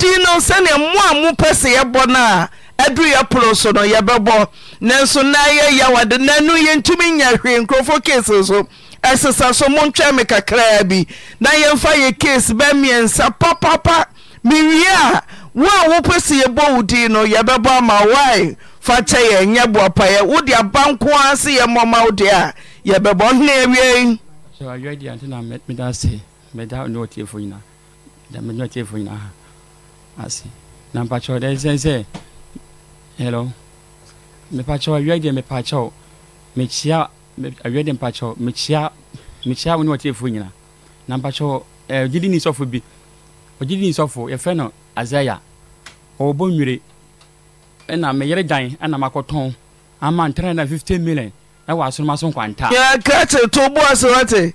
di no sɛde mo a mopɛse yɛbɔ no a duruyɛ poɔ so no yɛbɛbɔ nanso na yɛyɛwde nano yɛntumi nya hwe nkurɔfɔ kese so ɛsesa so mo ntwɛ me kakraa bi na yɛmfa yɛ kese bɛ miɛ nsa papapa mewie a wo a wopɛsɛ yɛbɔ wo di no yɛbɛbɔ ama wa fa kɛ yɛ nyɛ boapaeɛ wo de abanko a sɛ yɛ mmɔ ma wo deɛ a ybɛbɔ nwii asi na mpakyɛw dɛ sɛ sɛ hello mepakyɛw awia deɛ mepakyɛw mekyia awia deɛ mepakyɛw mekyia mekyia wo ne wɔtiefoɔ nyina na mpakyɛw gyidi ni sɔfo bi ɔgyidi ni sɔfo yɛfrɛ no azaia ɔwɔbɔ nwere ɛna meyere dan ɛna makɔtɔn ama ntɛnɛ na fifteen million ɛwɔ asoroma so nkwanta. yɛ kɛtɛ tó bó asorɔte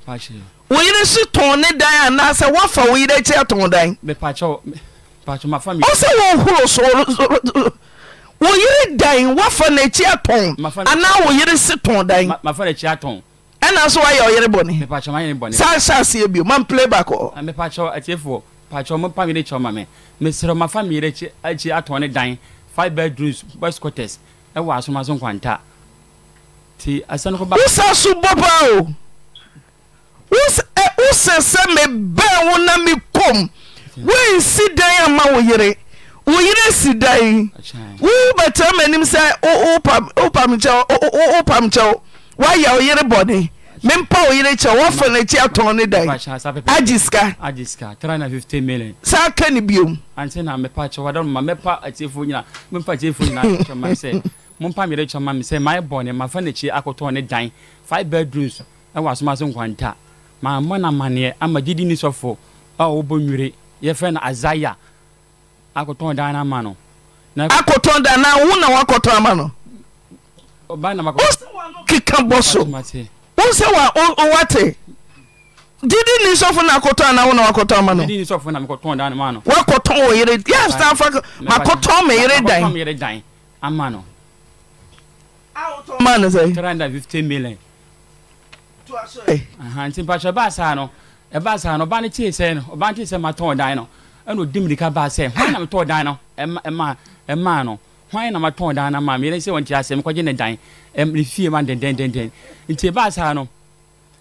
wòyiri si tɔn ne dan anaasɛ wafa wòyiri akyi atɔn dan. mepakyɛw ɔsɛ wɔhoro so wo yere dan woafa n'akyi atɔn anaa wo yere se tɔn dan ɛna so woayɛ ɔyere bɔne saa hyɛ aseɛ bio mamplay back ɔ patwɛ mo pam yere kyɛw ma me mesrɛ mafa me yere akyi atɔn ne dan five bedrooms boys quarters ɛwɔ asomaso nkwanta nti asɛn ko ba wosa so bɔ paa o wosɛ sɛ mebɛn wo na mekɔm wonsi dan ama wo yere wo yere si dan wobɛtera m'anim sɛ wopam kyɛw woayɛ wo yere bɔne mempa wo yere kyɛ wofa n'akyi atɔn ne dan agye sika saa ka ne biom mompa mmerɛ kyɛ ma me sɛ maayɛ bɔne mafa n'akyi akɔtɔn ne dan five bedrooms ɛwɔ asoma so nkwanta maamɔ no amanneɛ ama gyedi ni sɔfo a wɔbɔ nwere yɛfrɛ no isaiah akɔtɔn dan no ama no akɔtɔn dan na wo na wakɔtɔn ama no keka bɔ so wo sɛ wate didi ni sɔfo na akɔtɔn ana wo na wakɔtɔn ama no wakɔtɔn wɔ yere yɛsa fa makɔtɔn me yere dan ama no ma no sɛ 350 million e. nti mpakyɛ baa saa no ɛbaa saa no ɔbaa no kyee sɛ no ɔbaa no kyee sɛ ma tɔn dan no ɛna odi mirika baa sɛ hwan na metɔn dan no ɛma ɛmaa no hwan na ma tɔn dan no maa mi yɛrɛ sɛ wɔn ti asɛm kɔgye ne dan ɛm ne fie ma dɛndɛndɛndɛn nti ɛbaa saa no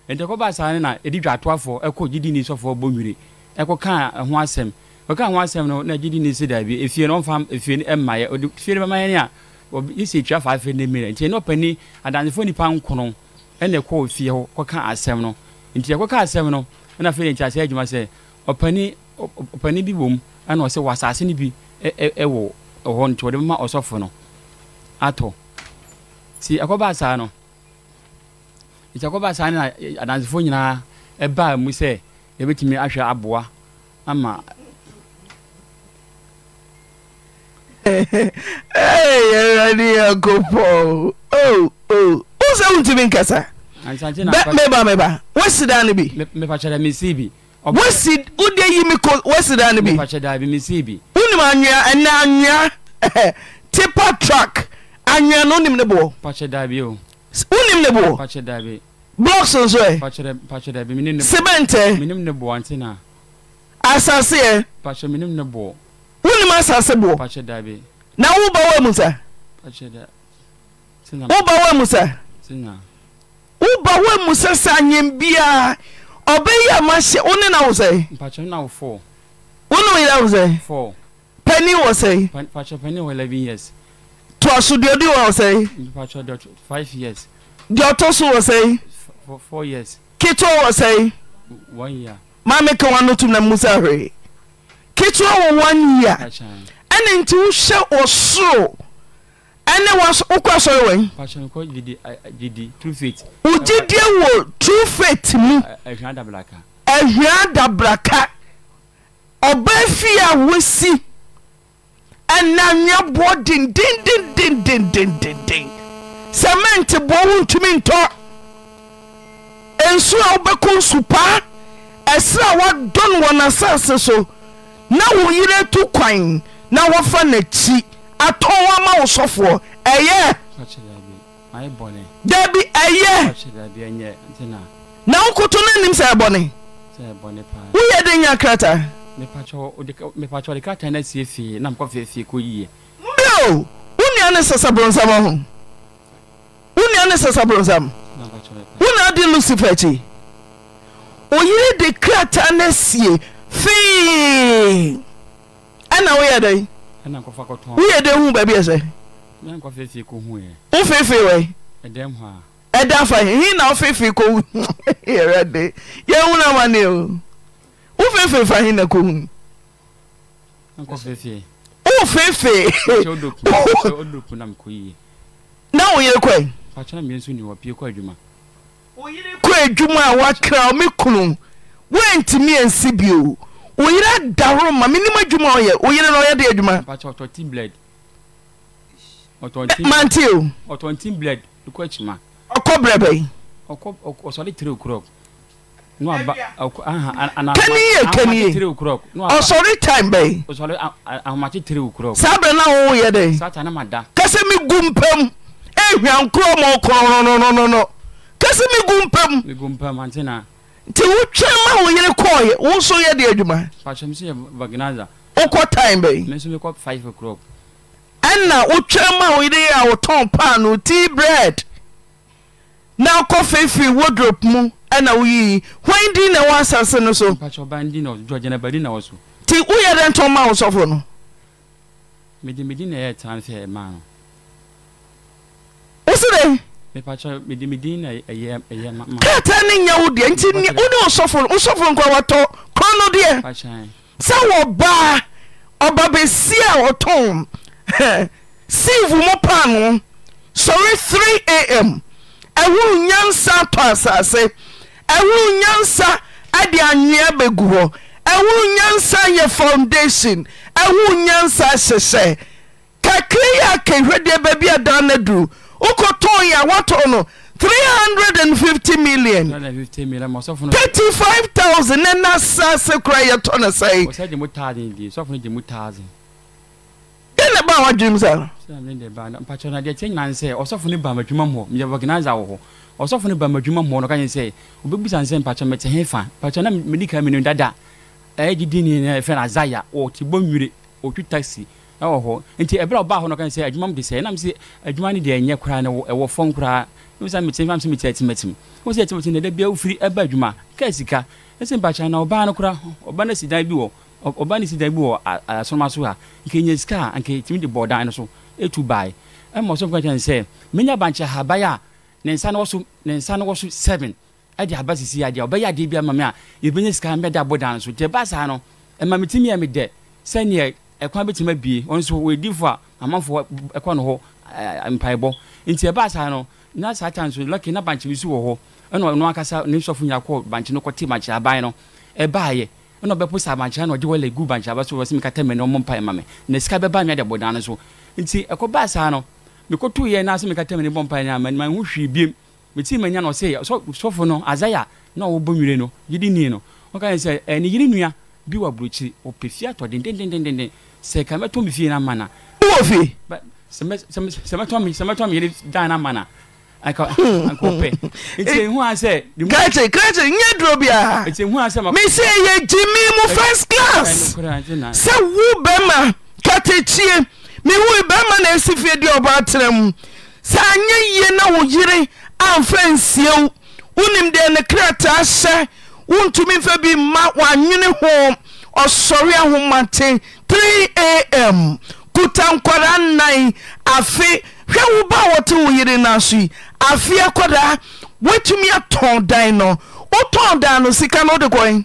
ntɛkɔ baa saa no na edi dwa atoafoɔ ɛkɔ gyidi ni sɔfoɔ bɔ nwiri ɛkɔ kaa ɛho asɛm ɔkaa ho asɛm no na gyidi ni si daabi efie no ɔnfa efie no ɛmma yɛ ɔde fie no bɛma yɛ ni a yɛsi etwa faafe ne mmerɛ nti ɛna ɔpɛni adansefoɔ nipa nkono ɛna ɛkɔ fie hɔ kɔka asɛm no nti ɛkɔka asɛm no ɛna afei ne nkyerɛkyerɛ adwuma sɛ ɔpani ɔpani bi wom ɛna ɔsɛ wɔ asase no bi ɛwɔ ɛhɔ nti wɔde ma ɔsɔfo no atɔ si akɔba saa no nti akɔba saa no na e, adansefoɔ nyinaa ɛbaa mu sɛ yɛbɛtumi ahwɛ aboa ama ɛyɛwurade yɛ nkopɔn o oh, o oh, wo oh, sɛ wontumi nkasa mɛba me ba woasida ne biwode yi me k waasida ne bi wonim awa ɛnɛ anwea tepa track anwea no wonim ne boɔ wonim ne boɔblocksonsoseent asaseɛ wonim asase boɔ na wobaw amu sawoba woamu sa woba woamu sɛ sɛ anyam biaa ɔbɛyi a mahyɛ wo ne na wo sɛ wo ne woyera wo sɛ pani wɔ sɛ toaso deɛ ɔde wɔ sɛ deɛ ɔtɔ so wɔ sɛ ketewa wɔ sɛ maame ka wa no tom na mu sɛ ahwee ketewa wɔ one year ɛne nti wohyɛ wɔ soro ɛne wokɔ asɔre wɔ wogyidie wɔ true faith mu ahwia dabraka ɔbaa fie a wosi ɛnanwɛboɔ dendendendendendenden sɛmente boɔ wo ntumi ntɔ nsu a wobɛkɔ nsu paa ɛserɛ a woadɔ no wɔ n'asase so na wo yerɛ tu kwan na wɔfa n'akyi ato wo ma wosufoɔ ɛyɛ dabi ayɛ na wokoto no anim sɛ abɔne woyɛde nya krata wonua ne sasarosam h wonua ne sasabronsam wonea den lucifaki oyeri de krata no sie fe ɛna woyɛden woyɛ dɛn hu baabi ɛ sɛ wofeefee wɔ ɛda fa he na wofeefee kɔhu yɛrɛ de yɛhu no ama ne o wofeefee fa he na kɔhu wofeefee na wo yere kɔe kɔ adwuma a woakra wo me kunu woantumi ansi bio oyere da horo ma menim adwuma a ɔyɛ oyere na ɔyɛ de adwuma mante o ɔkɔ berɛ bɛi kaniye kaniye ɔsɔre time bɛi saa berɛ na wowoyɛ dɛ kɛsɛ me gu mpam ɛhwankorɔ ma ɔkorɔnɔnɔnɔnɔ kɛsɛ me gu mpam nti wotwɛ ma wo yere kɔɔɛ wo so yɛ de adwuma wokɔ time bɛ ɛnna wotwɛ ma wo yere yɛ a wotɔn paano tea bread na akɔ feefiri wodrop mu ɛna woyii hwan din na wɔ asase no so nti woyɛ dɛ ntɔn ma wo sɔfo no wo krataa ne nyɛ wo deɛ nti wone wosɔfo wosɔfo nkɔ wɔtɔ kɔn no deɛ sɛ wɔbaa ɔbabɛsi a wɔtɔn sieve mu no. sɔre 3am ɛhoro nyansa tɔ asase ɛhoro nyansa ade anwea bɛgu hɔ ɛhoro nyansa yɛ foundation ɛhoro nyansa hyehyɛ kakra yɛ akahwɛdeɛ baabi a dan no aduru wokɔtɔɔ yɛ a wotɔɔ no fifty million 35000 ne na sa se kora yɛtɔ no sɛe dɛn na ba woadwenem saa deɛ nyina sɛ ɔsɔfo no ba madwuma mhɔ meyɛ organise wɔ hɔ ɔsɔfo no ba madwuma mhɔ no ka nyɛ sɛ obɛbusa ne sɛ mpakyɛ mete he fa mpakyɛ na medika menim dada ɛyɛ gyedini ne ɛfɛ no azaya ɔte bɔ nwire ɔtwi taxi ɛwɔ hɔ nti ɛberɛ a ɔbaa hɔ no kan sɛ adwuma mu de sɛ ɛnam sɛ adwuma no deɛ ɛnyɛ koraa no ɛwɔ fɔm koraa ɛmu sɛ metim fam sɛ metia atimatim wo sɛ atimatim na ɛda bia wofiri ɛba adwuma kaa sika ɛsɛ mpakya na ɔbaa no koraa ɔba no si dan bi wɔ ɔba no si dan bi wɔ asoroma so a nka ɛnya sika a nka ɛtumi de bɔɔ dan no so ɛtu bae ɛma ɔsɔfo ka kyɛn sɛ menya bankyɛ habae a ne nsa no wɔ so ne nsa no wɔ so seven ɛde aba sisi adeɛ a ɔbɛyɛ adeɛ bi ama me a yɛbɛnya sika mɛda bɔ dan no so nti ɛba saa no ɛma metumi a medɛ sɛneɛ ɛkwan bɛtumi abie ɔno nso wɔdi fo a amanfoɔ ɛkɔ no hɔ mpaebɔ nti ɛbaa saa no na saa ta nso lɔki na bankye bi so wɔ hɔ ɛna ɔno akasa ne nsɔfo nyina kɔ bankye no kɔte bankye aban no ɛbaayɛ ɛna ɔbɛpo saa bankye no ɔgye wɔlɛ gu bankye aba so wɔ sɛ mekata mɛ no ɔmɔ mpa ɛma me na sika bɛba me ade bɔdan no so nti ɛkɔbaa saa no mekɔtoo yɛ na sɛ mekata mɛ no bɔ mpa ɛma me ma ho hwee biem meti azaya na ɔwɔ bɔ nwire no yedi nii no ɔka yɛ sɛ bi wɔ aburokyiri ɔpɛ fie atɔ dendendendenden sɛ ka mɛtɔ mi fie na ma na. n wɔ fie. sɛ mɛtɔ mi sɛ mɛtɔ mi yɛrɛ dan na ma na anka ɔpɛ nti eh, ehu asɛ. kɛntɛ kɛntɛ n yɛ duro bia. nti ehu asɛ ma. mi se yɛ jimi mu eh, first eh, class sɛ wu bɛrima kɛtɛkyie mi wu bɛrima na esi fie di ɔbɔ atena mu sɛ anyɛ yie na wɔ yere amfɛ nsiew wunim deɛ ne krataa hyɛ wontumi mfa bi mma wɔanwene ho ɔsɔre ahomaten 3am kuta nkɔda nnan afe hwɛ wo ba a wɔte wo yere no so yi afe akɔda woatumi atɔn dan no wotɔn dan no sika no wode kɔn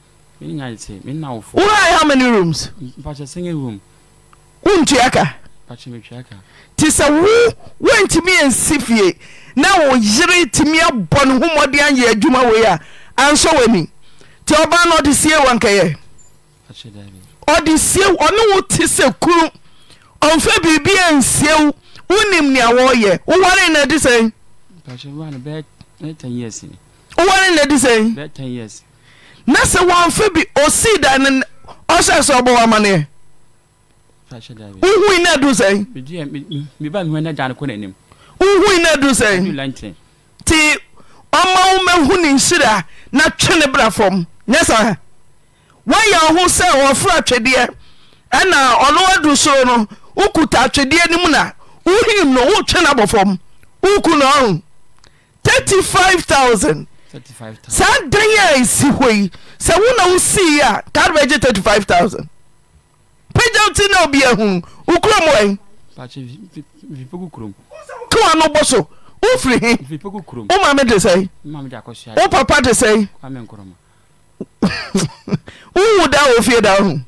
wúrà yẹ how many rooms. mpatsɛ single room. wuntua ka. mpatsɛ metua ka. ti sɛ wo wontumi nsi fie na wo yere tumi abɔ ne ho mmɔden anyɛ adwuma wei a ansɔ w'ani nti ɔbaa no ɔde sie wɔ nkɛyɛ ɔde sie ɔne wo te sɛ kuru ɔmfɛ biribi a nsie wo wonim ten years woware na adi sɛn woware na ten years. na sɛ wɔmfa bi osii da ne ɔhyɛ sɛ ɔbɔ w'amanneɛ wohui no adu sɛn wohui adu nti ɔma ne nhyira na twe bra fam nyɛ saa woayɛ wo ho sɛ wɔforo atwedeɛ ɛna ɔno wadu soro no wokuta atwedeɛ no mu na wohim no woku ɔho 35000 saa dan a ɛsi hɔ yi sɛ wona wosii a kade bɛgye 35000 pagya wo ti na obi ahunu wo kurom wɛn kewa no bɔ so wofiri he wo maame de sɛe wo papa de sɛe wowu da wɔ fie da ho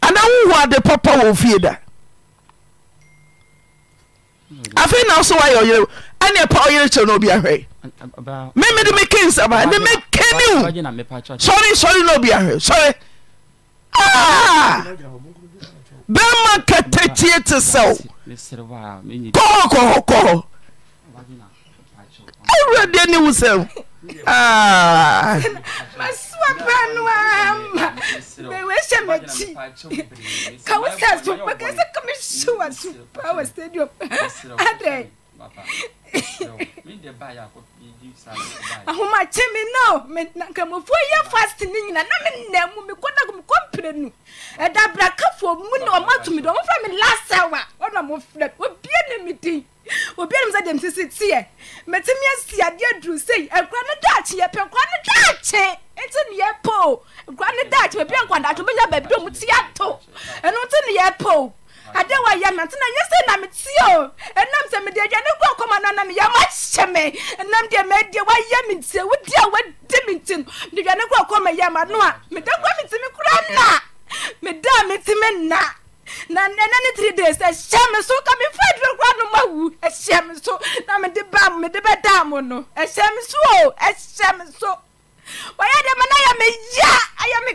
anaa wowu ade papa wɔ fie da mm. afei na wo so woayɛ ɔyerɛ ɛne ɛpa ɔyere kyerɛ no obi ahwɛ memede me ke nsɛm ah! e ah! a ne meke ne wo sɔre sɔre na obi ahwɛ sɔre bɛma katatie te sɛ wo kɔhɔ kɔhɔ kɔhɔ awuradeɛ ne wo sɛm masuwa panuwa mewesha machi kawusa supa kasa kamishuwa supa wa stadium adre ahoma kye me no nkamofoɔ yɛ fast no nyina na menna mu mekɔda mekɔmpirɛ nu ɛda brakafoɔ mu ne ɔmato me de ɔmofrɛ me lasawa ɔna mofrɛ obia ne medin obia ne m sɛ deɛ msisi teɛ metumi asi adeɛ duru sei nkora no daakye yɛpɛ nkora no daakye nti ne yɛpɛ o nkora no daakye baabi a nkwandaakye wobɛnya baabi dɛ ɔmu te ato ɛno nti ne yɛpɛ ade wa yɛ me ntena nyɛ sɛ na o ɛnam sɛ mede aduane gu akɔma no ana meyɛ mahyɛ me ɛnam deɛ maadie wayɛ me ntie wodi a wadi me nti no mede aduane gu akɔma yɛ ma no a meda kora metimi kora na meda a metimi na na ɛnɛ ne three days ɛhyɛ me so ka mefa aduro kora no ma wu ɛhyɛ me so na mede ba mede bɛdaa mo no ɛhyɛ me so o ɛhyɛ me so wɔyɛ deɛ ma no ayɛ me ya ayɛ me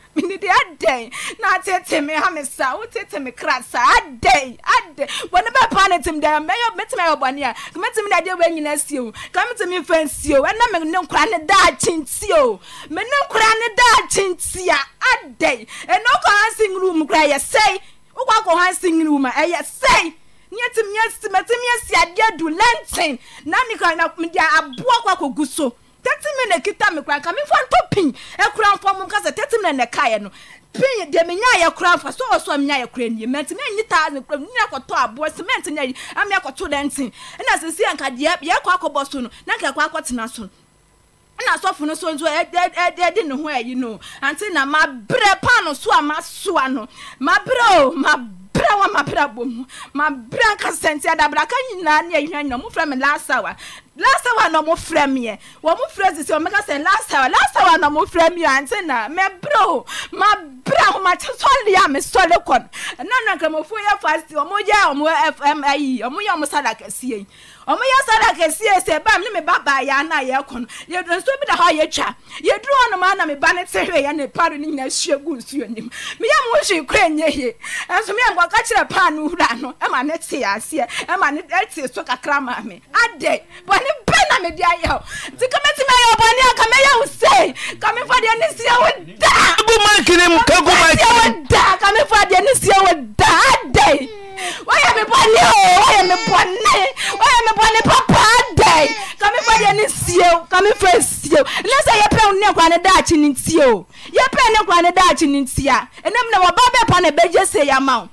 ede adɛn natete me hamesa wotete me kra sa a bne bɛpane timdmtemi aybnea mtmi ddeanyina siemo kmetemefa sieo ne mene kora ne da kentio mene kora ne da kentia ad ɛne ka ha se were wo m kra yɛ sɛi woka k haseere woma yɛ sɛi t miɛsia de du lenten nad aboa kako gu so thirty minutes kita mi e kura nka mi fɔ n pin ekura nfɔ mu nka sɛ thirty minutes na yɛ no pin deɛ mi nya yɛ kura nfa so mi nya yɛ kura nie mɛnti mi nyi taa mi kura mi nya kɔtɔ aboɔ cement nya yi ami akɔtɔ lɛnti ɛna sisi yɛ nka deɛ yɛ kɔ akɔbɔ so no na nka ɛkɔ akɔtena so ɛna asɔfo no so nso ɛdi e, e, ne ho ɛyi no anti na ma brɛ paano so a ma soa no ma brɛ o ma brɛ wa ma brɛ bɔ ma brɛ nka adabra ka nyinaa ne ɛhwɛ nyinaa mo fɛ mi laasa wa last hour na ɔmo frɛ miɛ wɔn mo frɛ sisi ɔmo ka sɛ last hour last hour na ɔmo frɛ miɛ ante na mɛ brɛ o ma brɛ ahoma sɔli a mi sɔli kɔn ɛna na nkramofo yɛ fasti ɔmo yɛ ɔmo ɛm ɛyi ɔmo yɛ ɔmo sada kɛseɛ yi ɔmo yɛ sada kɛseɛ sɛ bam ne mi ba ba yɛ ana yɛ kɔn yɛ nso bi da hɔ yɛ twa yɛ duro hɔ nom ana mi ba ne te hwɛ yɛ ne paano ne nyinaa hyɛ gu nsuo nim mi yɛ mo hwi kura nye yie ɛnso mi yɛ nkɔ kakyerɛ paano wura no ɛma ne te aseɛ ɛma ne ɛte so kakra ma mi adɛ bɔn ne kmetmi ayɛkmyɛ yɛene t ypɛeene t ep bɛya seyama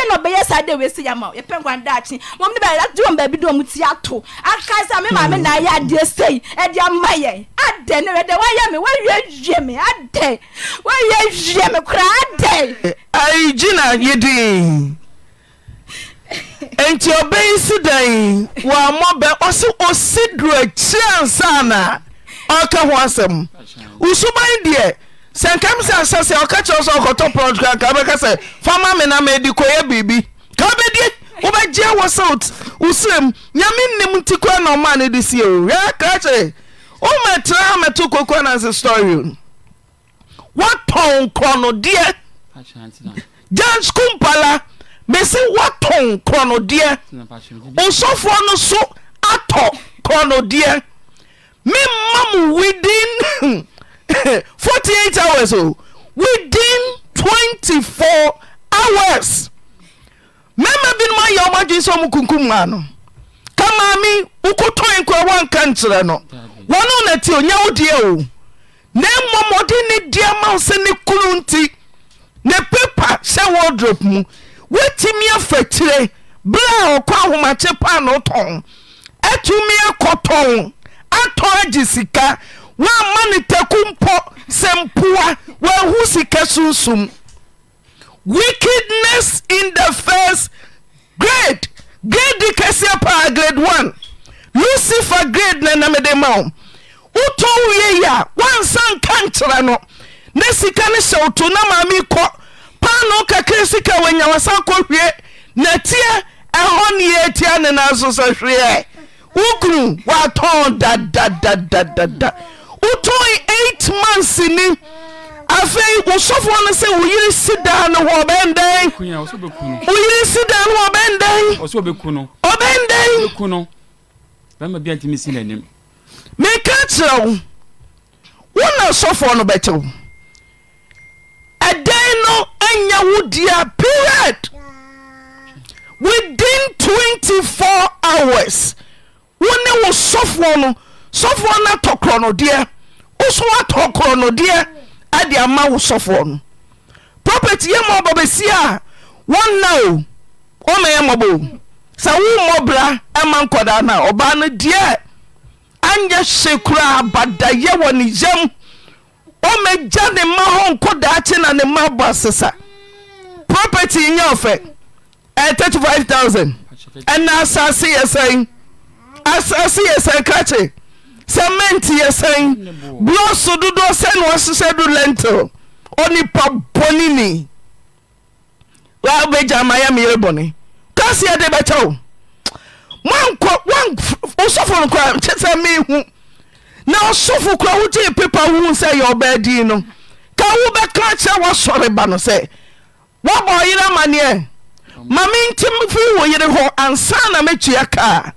hwɛ na ɔbɛyɛ saa de wesi yamma yɛpɛ nkwa ndaakye wɔn de bɛyɛ adi wɔn baabi de wɔn ti ato aka sa mi maame na ayɛ adeɛ sei ɛde ama yɛ adɛ ne wɛdɛ wɔayɛ mi wɔayɛ wie mi adɛ wɔayɛ wie mi kora adɛ. ayi gyina yedin nti ɔbɛyi si dan wɔamɔ bɛ ɔsi osi duro akyi ansa ɔka ho asɛm usuban deɛ. sɛ nkam sɛ asɛ sɛ ɔka kyerɛ sɛ ɔkɔtɔ prɔt kra nka wobɛka sɛ fama me na madi kɔyɛ biribi ka wobɛdie wobɛgyeɛ wɔ sɛ wo serɛm nyame nnim nti koa na ɔma no de sie o hwɛ kra kyerɛ womɛtera mɛto kokoa no ase story o woatɔn jans kompala mese woatɔn die osɔfoɔ no so atɔ korɔnodeɛ memma mo within 48 hours oh. o within twenty four hours mmarima binom ayɛ ɔmo adwene sɛ ɔmo kunkum ano ka maame wokɔtɔ nkura wanka nkyerɛ no wɔn na ti onya wo deɛ o na mmom ɔde ne deɛ ma sɛ ne kunu nti ne pepa hyɛ wardrobe mu wetumi afɛkyire bere a ɔkɔ ahomakye paano tɔn etumi akɔtɔn atɔ agye sika. woamma no taku mpɔ sɛmpoa waho sika sunsum wickedness in the first gred greaddi kɛsia paa grade o lucifer grade na namede ma wo wotɔ wo wie ye a woansanka nkyerɛ no na sika ne hyɛw to na maameekɔ paano o kakra sika woanya w'asan kɔhwiɛ na atiɛ ɛhɔneɛ ti a ne na sosɛhwɛɛɛ wokunu watɔ da dadadadada wotɔn eight months ni afei wosɔfoɔ no sɛ wo yere si daa no hɔ ɔbɛn dɛn wo yere si daa no hɔ ɔbɛn dɛn ɔbɛn dɛn meka kyerɛ wo wo na sɔfoɔ no bɛkyɛ wo ɛdɛn no anya wo dia period within four hours wo ne wo sɔfoɔ no sɔfoɔ no atɔ korɔnodeɛ woso atɔ korɔnodeɛ ade ama wo sɔfoɔ no propety yɛmɔ ɔba bɛsie a wɔnna o wɔmayɛmɔbɛo sɛ wommɔbra ma nkɔdaa no a ɔbaa no deɛ anyɛ hye koraa badayɛ wɔ ne yam ɔmagya ne mma hɔ nkɔdaa kye na ne mma bɔ asesa propety nyɛ ɔfɛ ɛ 35000 ɛna asase yɛ sɛn asase yɛ sɛn krakye sɛ mɛnte yɛ san blɔso dodoɔ sɛ no wasesɛ do lɛntl ɔnipa bɔneni bɛgya mayɛ meyerɛbɔne kase ɛde bɛkyɛ wo wosofo nokoa nkysɛ mehu na ɔsofo kora wogyeepepa wou sɛ yɛ ɔbɛa di no ka wo bɛka akyerɛ woasɔre ba no sɛ woba yerɛ amanneɛ ma menkyim fii wo yere hɔ ansa na mɛkua kaa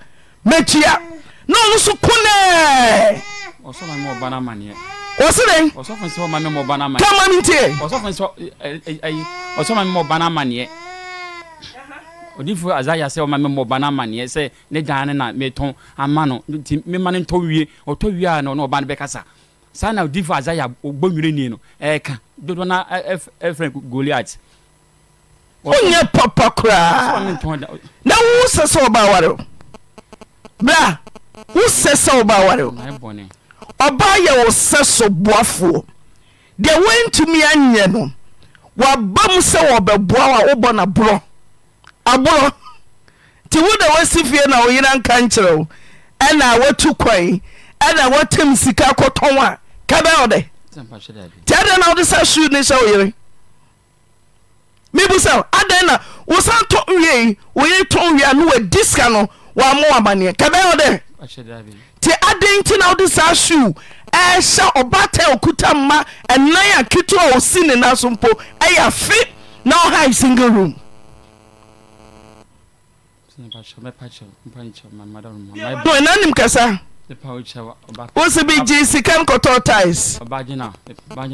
makua na ɔno so ko nɛɛ ɔsɔfo ma mi wɔ bana amaneɛ wɔsi dɛ ɔsɔfo nsɛ ɔma mi wɔ bana amaneɛ kama mi tiɛ ɔsɔfo nsɛ ɛyi ɔsɔfo ma mi wɔ bana amaneɛ odifo azaya sɛ ɔma mi wɔ bana amaneɛ sɛ ne dan ne na mi tɔn ama no ti mi ma ne tɔ wie ɔtɔ wie a na ɔno ɔba ne bɛ kasa saa na odifo azaya ogbɔ nwere nie no ɛɛka dodo na ɛfrɛ goliath papa koraa na wo sɛ sɛ ɔba wosɛ sɛ wo ware ɔbaa yɛ wo sɛ so boafoɔ deɛ woantumi anyɛ no wɔaba mu sɛ wɔbɛboa w a wobɔ na borɔ aborɔ nti wo da fie na woyera nka nkyerɛ wo ɛna woatu kwan ɛna woatam sika kɔtɔn a ka ɔdɛ nti adɛn na wode suu ne hyɛ wo yere mebu sɛ adɛn na wo tɔ woyere a ne wadi sika no amanneɛ te adin ti na odi sa shu e sha obate okuta ma enan ya kitu o si na so mpo e ya na o high single room sin pa cho me pa cho pa cho ma ma don ma bo enan nim kasa te pa o cha obate o si bi ji ties obaje na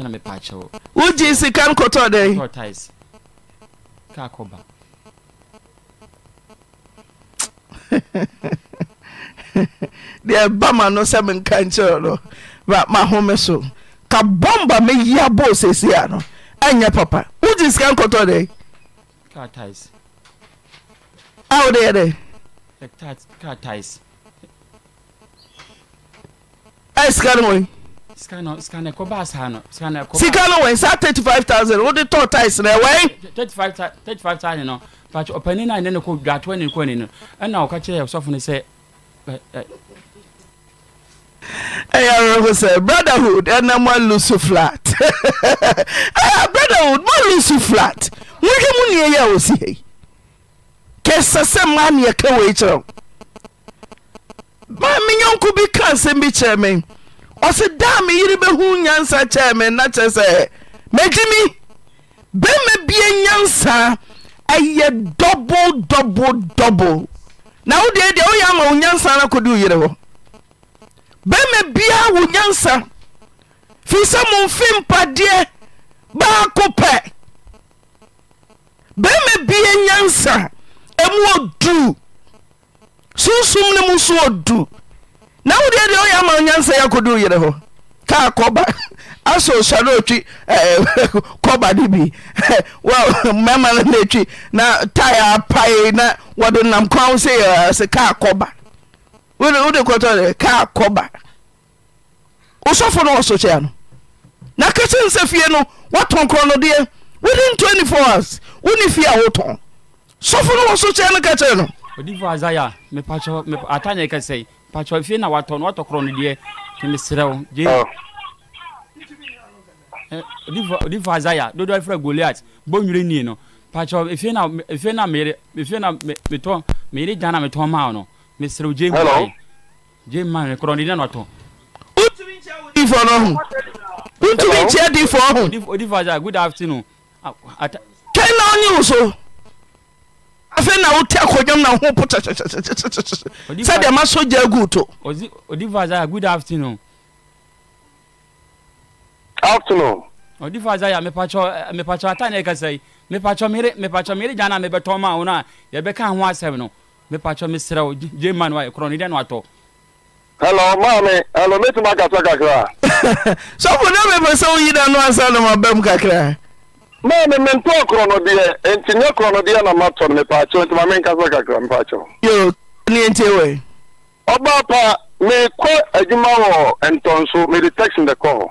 me pa cho o ji si kan ko to dey ties ka deɛ ɛba ma no sɛ menka nkyerɛ no mahome so ka bɔmba meyi abɔɔ seesia no ɛnyɛ papa wogye sika nkɔtɔ dɛ a wodeyɛ dɛ eh, ɛ sika no wɔi sika no wɔi saa 35000 wode tɔ tis na ɛwɔi ɔpanin no ne ne kɔ dwatoa ne kɔ ni no ɛna wɔka kyerɛ ɔsɔfo no sɛ yɛe sɛbroterhood ɛnamo aloso flatbrotherhood moaloso flat wowe mo neɛ yɛ awɔ siei kɛ sa sɛ maaneɛ kɛ we i kyerɛwo menyɔnko bi ka sɛm bi kyerɛ me ɔse daa meyere bɛhu nyansa kyɛɛ me na kyerɛ sɛ magimi bɛma bia nyansaa ayɛ doble doble double na wo de deɛ woyɛ ama wo nyansa no akɔde wo yere hɔ bɛimɛ biaa wo nyansa firi sɛ momfe mpadeɛ baako pɛ bɛimɛ bia nyansa ɔmu odu sonsom ne mu so odu na wo deɛ deɛ woyɛ ama wonyansa yɛ akode woyere hɔ kaakɔba asụsụ sua ne ɔtwi kɔba de bi mama no na etwi na taya apae na wɔde nam kwan wo sɛsɛ eh, kar kɔba wode kɔtɔ kar eh, kɔba wosɔfo no wɔsɔkyea no na kɛsɛne sɛ fie no woatɔn korɔ no deɛ within 24 hours wone fie a wotɔn sɔfo no wɔsɔkyea no ka no odifo azaya atanyɛ kɛsɛi mpakyɛ fie na watɔ no watɔ korɔ no deɛ kemesrɛ wo odifo azaya dodo efra goliath gbonyere nii no patsɔ efie na efie na meyere efie na metɔ meyere gana metɔ maa no meserew jane maa jane maa kɔrɔ ne nana tɔ. ntumi nkyɛn odifo ɔhún. odifo azaya good afternoon. twɛn na ɔnyi woso afei na wote akɔnyam na ho po sɛdeɛ ma sogya agu to. odifo azaya good afternoon afternoon. ɔdi fa azaya mepatwɔ eh, mepatwɔ ata ne kasa yi mepatwɔ mire mepatwɔ mire gya na mebɛtɔn ma wɔn a yɛbɛka ho asɛm no mepatwɔ mesrɛ wo gye ma no a korɔ hello maame hello meti ma kasa kakra. sɔfo ne bɛ fɛ sɛ woyi da no ansa na ma bɛm kakra. maame mentɔ korɔ no deɛ nti nyɛ korɔ no deɛ na matɔ no mepatwɔ nti ma menkasa kakra mepatwɔ. yoo ne ntie wɛ. ɔbaa pa mekɔ adwuma wɔ ntɔn so mede text in the call.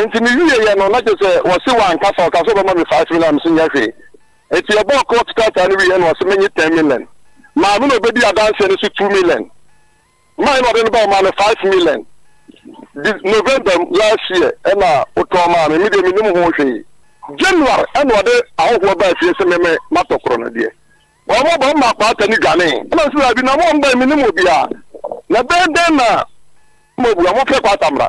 nti mi wiye yɛ no n'agye sɛ wɔsi wɔ ankasa ɔka bɛma mi five million so nyɛ hwee eti ɛbɔ court tata no wiye no wɔsi mi nye ten million maame na obedi adanseɛ no so two million maa na ɔde no bɛn maame five million di november last year ɛna otɔ maame mi de mi nim ho hwee january ɛna ɔde ahohoɔ baa fie sɛ mɛmɛ matɔ korɔ no deɛ wɔn mo bɔ mma akpaata ni gane ɛna sisan bi na mo mba mi nim obi a na bɛn dɛn na mo bu a mo fɛ kɔ atamra.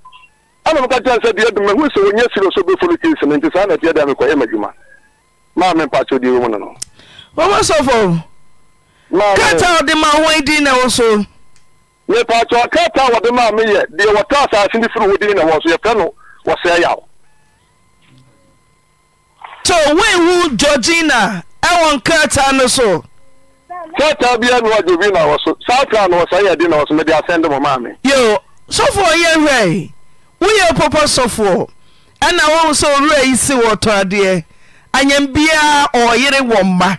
ana mka kyerɛ sɛ deɛ dum mehu sɛ wɔnyɛ siro so bɛfo no kesi no nti saa na ɛteɛ da mekɔyɛ m'adwuma maa mempa kyɛ deɛ wɔ mu no no wɔmɔ sɔfo kata ɔde ma ho din na wɔ so mepa kyɛ ɔkata wɔde ma meyɛ deɛ wɔta asase no firi hodin na wɔ so yɛfrɛ no wɔsɛe yaw so woehu georgina ɛwɔ nkrataa no so krataa biara ne wagye bi na wɔ so saa kra no wɔsɛe yɛ din na wɔ so mede asɛn de mɔ maa me yo sɔfo ɔyɛ hwɛ woyɛ pɔpɔ sɔfoɔ ɛna wohu sɛ owura yi si wɔtɔ adeɛ anyam biaa wɔ mma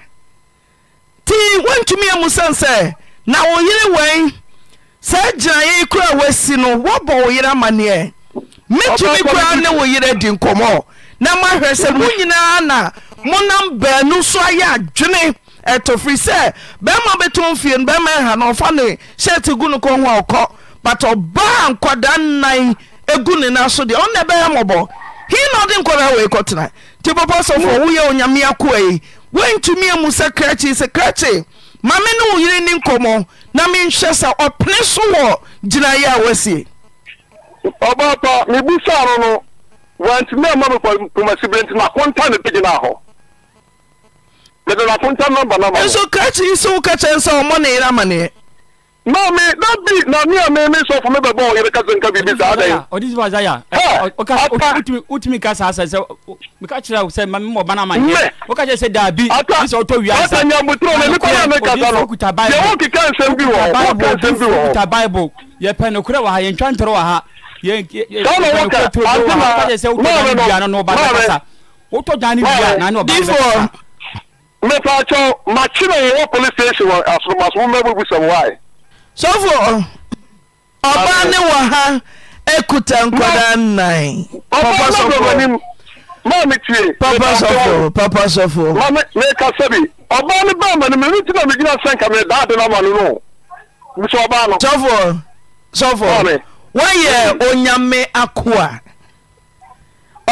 nti wontumi amu sɛ na wo yere wɔi saa gyinaeɛ koraa woasi no wobɔ wo yere amanneɛ metumi ne wo di nkɔmmɔ na sɛ mo nyinaa na monam baanu so ayɛ adwene sɛ bɛrima fie no bɛrima ɛha ɔfa ne gu no ho a ɔkɔ but ɔbaa egu ne na deɛ mɔbɔ na ɔde nkɔdaa wei kɔtena nti sɔfoɔ woyɛ onyame amu sɛ sɛ krakye ma ne wo yere ne nkɔmmɔ na menhwɛ sɛ ɔpene so wɔ gyinaeɛ a woasie ɔbɔtɔ mebu saa no no wantumi amma me kɔmasibere nti nakonta ne bɛgyinaa hɔ mede nakonta nɔmba ma nso krakye yi sɛ kyɛn sɛ ɔmmɔ ne yere mme abi nameme esf mebeyer kaa ba maina sɔfo ɔbaa ne wɔ ha akuta nkɔdaa nnan papa sɔfo papa sɔfo papa sɔfo. meka sɛbi ɔbaa ne baa ma no mene nti na megyina sɛ nka mene daade no ama no no mesɛ ɔbaa no sɔfo sɔfo onyame akoa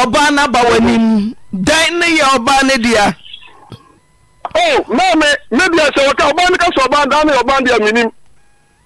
dan oh, ne yɛ ne maame sɛ ne ka ne yɛ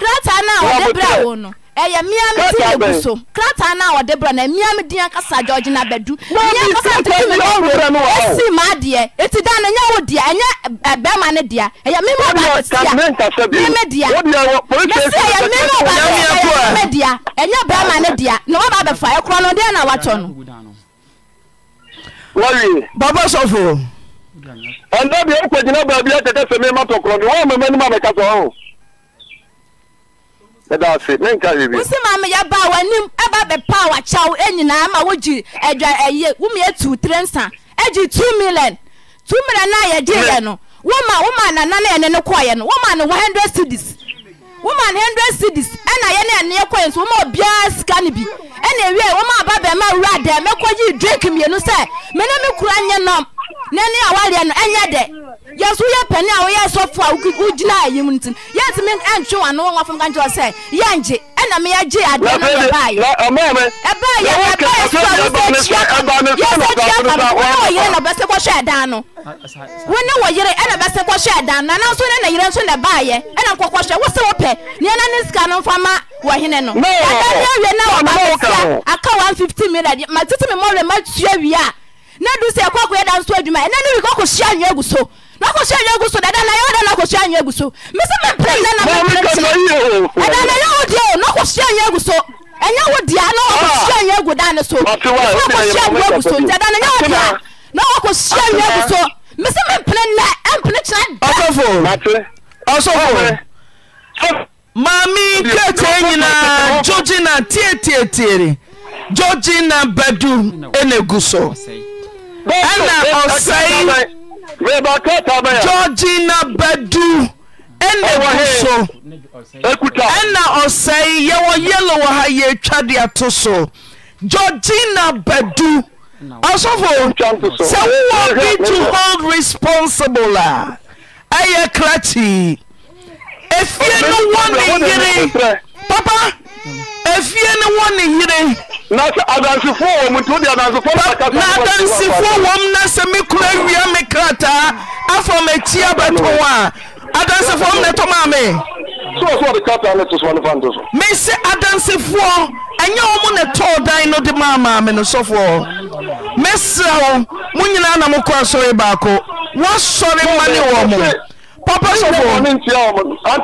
krataa na wɔde brɛ wo no ɛyɛ ti so krataa na wɔde brɛ di akasa george na bɛdu kasa esi ma eti dan na nye wo ne ɛyɛ ɔba ɛyɛ ɔba ɛyɛ bɛrima ne na wɔba abɛfa ɛkorɔ na watɔ no. baba sɔfo. ɛnda bi ekɔ gyina baabi atɛtɛ sɛ mmea ma tɔ korɔ no wɔn a mɛmɛ ni ma o. ɛda ase ne nka hwɛ bi. wosi maame yɛ ba w'anim ɛba bɛ pa w'akyɛw ɛnyinaa ma wogyi ɛdwa ɛyɛ wumi etu tirensa ɛgyi two million two million a yɛde yɛ no woma woma nana ne yɛ ne ne kɔɔ yɛ no woma ne one hundred cedis woman hundred cedis ɛna yɛn na ɛneɛ kɔ yɛn so Woman, a obiara sika ne bi ɛna ewie wɔn a aba bɛrima wura dɛ mɛkɔ yi drink mmienu sɛ mene me kura nye nam n'ani a wɔareɛ no ɛnyɛ dɛ yɛn so yɛ pɛni a wɔyɛ sɔfo a wogyina ayim no ti yɛn ti mi ɛntwe wɔn ano wɔn afɔm kankyɛw sɛ yɛn gye ɛna mi agye adeɛ no yɛ baa yi ɛbaa yɛ ɛbaa yɛ sɔrɔ sɛ ekyia kɔnɔ yɛ sɛ ekyia kɔnɔ wo ne wɔ yere eh, na bɛsɛ kɔhwɛ ɛdan no wo ne wɔ yere ɛna bɛsɛ kɔhwɛ ɛdan no nana nso ne na yere nso eh, na baa yɛ ɛna nkɔ kɔhwɛ wo sɛ wopɛ nea na ne sika no nfa ma wɔ hene no ɛdan ne awie na wɔ ba bɛsia aka one fifty million ma titi mi mɔlɛ ma tua wia na du sɛ ɛkɔ akɔyɛ dan so adwuma ɛna eh, ne wi kɔkɔ hyia anwea gu so. osofo ah. ah, mami kata yina jogina tietietier jogina badu ene gu so ana sei georgina Bedu, ɛna gu so ɛna ɔsɛe yɛwɔ yɛlo wɔ ha yɛtwa de ato so georgina badu ɔsofo sɛ wowɔ bi to hold responsible a ɛyɛ krakyi efie no wɔ ne yere papa efie ne wɔ ne yere. na sɛ adansifo wɔ mu nti o de adansifo na kasa. na adansifo wɔ mu na sɛ mi kura wia mi krataa afɔ mi kyi adansifo mu na ɛtɔ maa mi. sọ sọ de krataa ne to so ne fa n to so. mi sɛ adansifo ɛnyɛ wɔn na ɛtɔ dan no di maa maa mi ne sɔfo mɛsirawo mu nyinaa na mo kɔ asɔre baako wɔsɔre ma ne wɔ mo papa sɔfo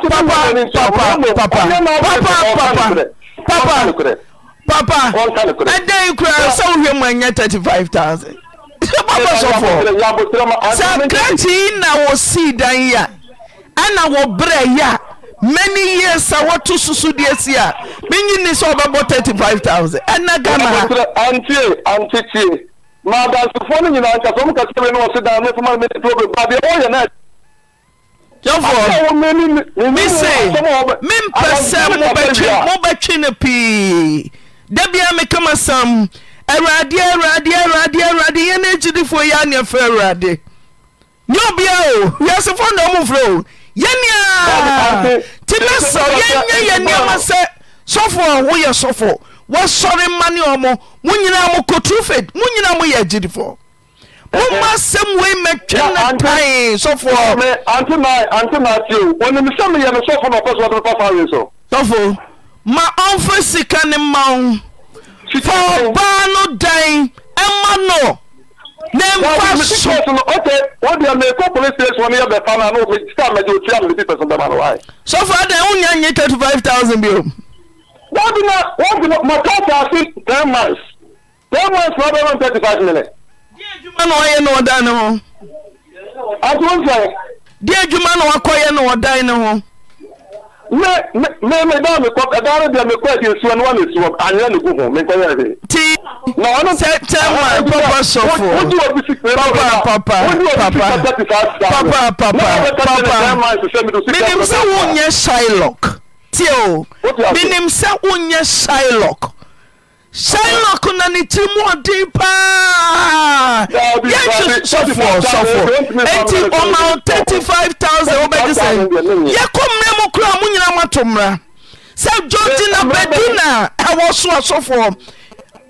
papa papa papa papa papa papa papa ɛdɛ yi kura sɛ wohwɛ mu anyɛ thirty five thousand papa sɔfo sɛ krakye yi na wɔ sii dan yi a ɛna wɔ berɛ yi a many years a wɔto susu deɛ si a menyi ni sɛ ɔbɛbɔ thirty five thousand ɛna ghana ha. antie antie tie maadansifo no nyinaa nkyɛ sɛ ɔmo kɛse bi ne wɔ se dan ne fama ne problem baabi ɛwɔ yɛ na ɛkyɛ yɛfoɔ mi se mempɛ sɛ mobɛtwe no pii da bia mekama sam awurade awurade awurade awurade yɛne agyidifoɔ yɛ anea frɛ awurade nyɛ obia o wiasefoɔ na ɔmofrɛ o yɛnea nti na sɛ yɛnyɛ yɛ nneɛma sɛ sɔfoɔ woyɛ sɔfoɔ wɔsɔre ma ne ɔmo mo nyinaa mo kotru faith mo nyinaa moyɛ agyidifoɔ wọ́n sẹ́mu wẹ́n mẹ́twẹ́ ní pààyàn sọ́fọ́. àǹtí ma àǹtí ma ti o wọn ni sẹ́mu yẹn sọ́fọ́ náà kọ́sọ́ ọdún pàfà rẹ̀ sọ. sọ́fọ́ ma ọ̀n fẹ́ sika ni ma ń fọ ọgbàá no dan ẹ ma nọ ne n fa sọ. wọ́n di ẹ̀mí kó police station wọn ni yẹ bẹ̀ fa náà n'o fi sika mẹ́jọ àmì fifty wọ́n ti na wọ́n ti na mọ̀tọ́ fàásì ten months ten months wọ́n bẹ́ẹ̀ thirty five million adwuma na ɔyɛ na ɔdan ne ho. Atun fɛ. Di adwuma na wakɔyɛ na ɔdan ne ho. Mɛ mɛ mɛ dɔw mi kɔ ɛdɔw mi deɛ mi kɔ ɛdi nsuo ni wɔn mi suwɔ anyɛ ni kuhu mi nkɔ yɛ ɛdi. Ti na ɔno sɛ kyɛn wa papa sɔfo. Papa papa papa papa papa papa. Minim sɛ wo nyɛ Shylock. Tie o. Minim sɛ wo nyɛ Shylock shylock na ne tiri mu ɔden paa yɛnkye sɔfoɔ sɔfoɔ enti ɔma wo 35000 wobɛgye sɛ yɛkɔ mmerɛ mu kora a mo nyina moato mmara sɛ gyogye na badi na ɛwɔ so asɔfoɔ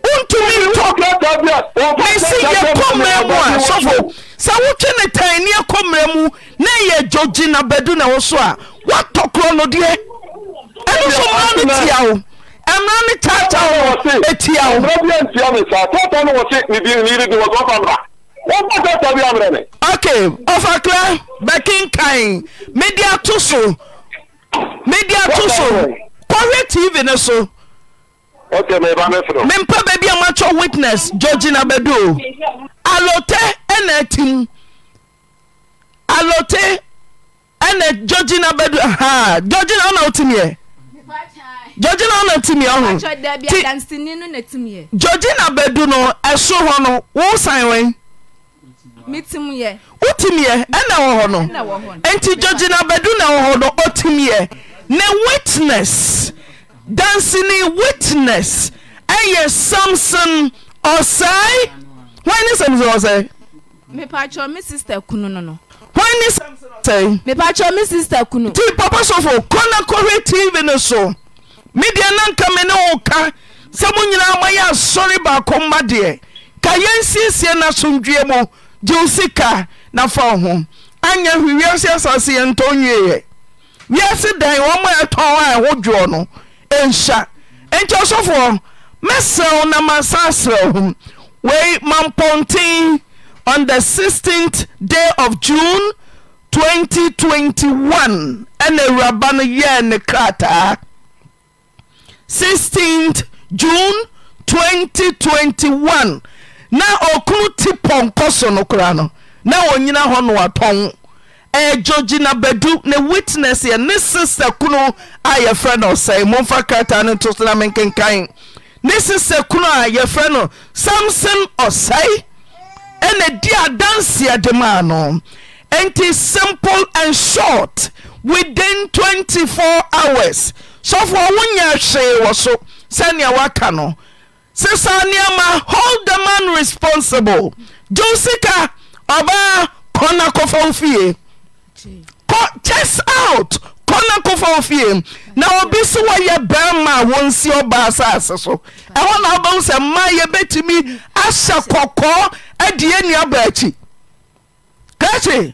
wontumi ntɔ mesi yɛkɔ mmerɛ mu a sɔfoɔ sɛ wotwe ne tan ne yɛkɔ mmerɛ mu na ɛyɛ gyogye na badu na ɛwɔ so ah. a woatɔ korɔ no deɛ ɛno so mmara no tia meane ta fkl bkeka tsedtoso k tvnsomepe bebiamato tness jorgina bdo alt ntm l n gnadnanw gworgyina onatimɛ dworgyina badu no ɛso hɔ no wo sanlɔn wotimɛ ɛnɛ wɔ hɔ no ɛnti gworgyina badu na wɔ hɔ no ɔtimiɛ ne witness dansenii witness ɛyɛ samson ɔsɛe wa ne samsonɔsɛe ne sɛeti pɔpɔ sofo kɔna kɔhwɛ tv no so medeɛ na nka me ne wo ka sɛ mo nyinaa mayɛ asɔre baakɔmma deɛ ka yɛn siesie noasomdwuɛ mu gyew sika na fawo ho anyɛ hwe wiase asase yɛn ntɔn nwieeɛ wiase dan wɔma ɛtɔ ɔ a ɛho dwoɔ no nhya nkyɛr sofoɔ mɛserɛw na masa aserɛw ho wei manpɔten ɔn the sixnth day of june 2021 ɛna awuraba no yɛɛ ne krataa 16th june 2021 na ɔkunu te pɔnkɔ so no kora no na ɔnyina hɔ no atɔn ɛgyogyina Bedu, ne witness yɛ ne sista kuno a yɛfrɛ no ɔsɛe momfa krataa no nto so na menkenkan ne sista kunu a yɛfrɛ samson ɔsɛe ɛna di adanseɛ de maa no ɛnti simple and short within 24 hours sɛfoɔ wo nya hwee wɔ so sɛnea woaka no sesaa nneɛma whole demand responsible dwow sika ɔbaa kɔ na kɔfɔ fie ches out kɔ na kɔfɔ fie na obi so wɔyɛ barima a wɔ nsi ɔbaasa ase so ɛhɔ nawobɛhu sɛ ma yɛbɛtumi asɛ kɔkɔɔ adiɛ nnua brakyi kakyi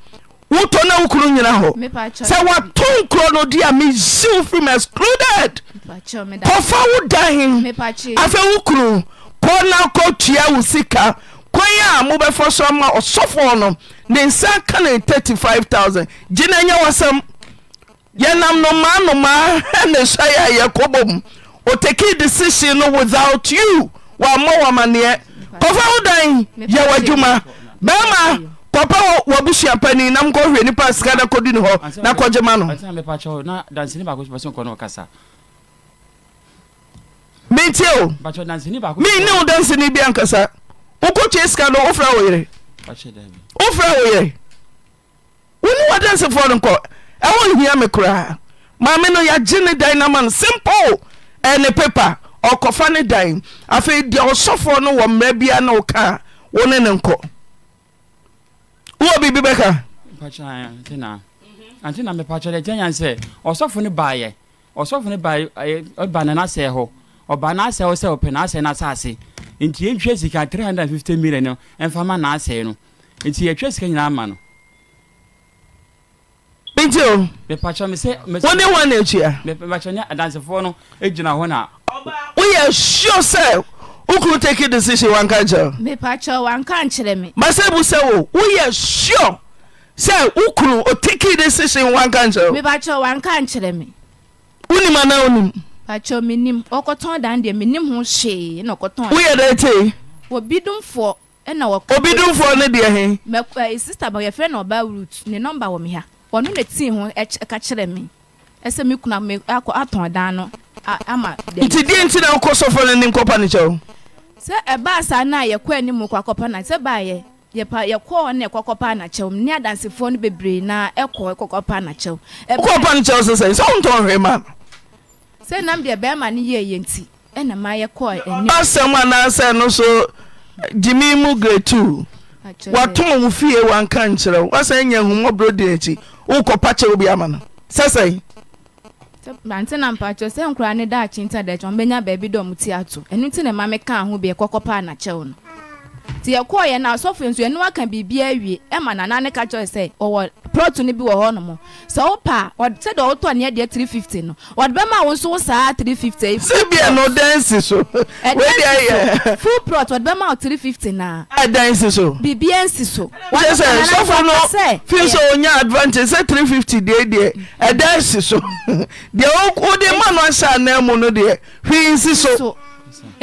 wotɔno wo kuro nyina hɔ sɛ woatɔn kuro no de a mesi wo frim exkruded kɔfa wo dan afei wo kuro kɔ na kɔ tua wo sika kan a mobɛfa soa maa ɔsɔfoɔ no ne nsa kane 3500 gyina nyɛ wɔsɛm yɛnam nomaa nomaa ne sua eɛ a yɛ kɔbom ɔteke desison no without you wammɔ waamanneɛ kɔfa wo dan yɛw'adwuma baima papa wabusua pani na mkɔhwɛ nipa asika na kɔdi ne hɔ na kɔgyema no metie o menne wo danseni bi ankasa wokɔtwe sika no wofra wo yere wofra wo yere dansi wadansefoɔ no nkɔ ɛwɔ nhia me koraa maame no yɛagye eh, ne dan nama no simple ɛne pepa ɔkɔfa ne dan afei deɛ ɔsɔfoɔ no wɔ mmara bia na wokaa wo ne ne nkɔ wowɔ biribi bɛka ante na mepa kyerɛ agya nyan sɛ ɔsɔfo no baayɛ ɔsɔfo no ba ne nasɛe hɔ ɔba n'asɛe hɔ sɛ ɔpɛ n'asɛe n'asase nti yɛntwa sika 350 million no ɛmfa ma n'asɛe no nti yɛtwa sika nyinaa ma no nti o mepa kyerɛ me sɛ wone wɔ na akyia mepa kyerɛ ne adansefoɔ no gyina hɔ na woyɛ sure sɛ wokuro teki decision wanka nkyerɛ masɛ bu sɛ wo woyɛ sure sɛ oh, wo kuru oteki decision wanka nkyerɛ wonim anaa wonim woyɛ dɛ tee obi domfoɔ ne deɛ he ɔno na tii ho ɛka kyerɛ me ɛsɛ eh, me kuna me atɔn dan no ama. nti deɛ nti na wokɔ sɔfo no ne nkɔpa ne kyɛw. sɛ ɛbaa saa na yɛkɔ anim kɔ akɔpa na sɛ baa yɛ yɛpa yɛkɔ na ɛkɔ kɔpa anakyɛw ne adansefoɔ no bebree na ɛkɔ ɛkɔ kɔpa anakyɛw. kɔpa anakyɛw so sɛ wɔn tɔn hwɛ ma. sɛ nam deɛ bɛrima no yɛ yɛ nti ɛna maa yɛkɔ anim. anaasɛ no so jimmy mu grade two watum mu fie wanka nkyerɛw wasan nyɛ ahumɔborɔ di n'akyi wokɔpa kyɛw bi ama no sɛsɛ. mante na mpakyɛ sɛ nkura ne daakye nta dɛkyɛ ɔmbɛnya baabi dɔm ti ato ɛno nti na ɛma meka ho bi ɛkɔkɔ paa nakyɛw no te yɛkɔɔ yɛ no asɔfo nso ɛno aka biribia awie ɛma nana ne ka kyerɛ sɛ ɔwɔ proto no bi wɔ hɔnom sɛ wopɛ a sɛdeɛ wotɔ neɛ deɛ 350 no ɔde bɛma wo nso wo saa 350 sɛbia no dansi so wdeɛ full prot ɔde bɛma wo 350 naa dansi so biribia nsi so kyɛ sɛ sɔfo no fi sɛ ɔnya advantage sɛ 350 deɛ deɛ ɛdansi so deɛ wode ma no ahyɛ anan mu no deɛ hwee nsi so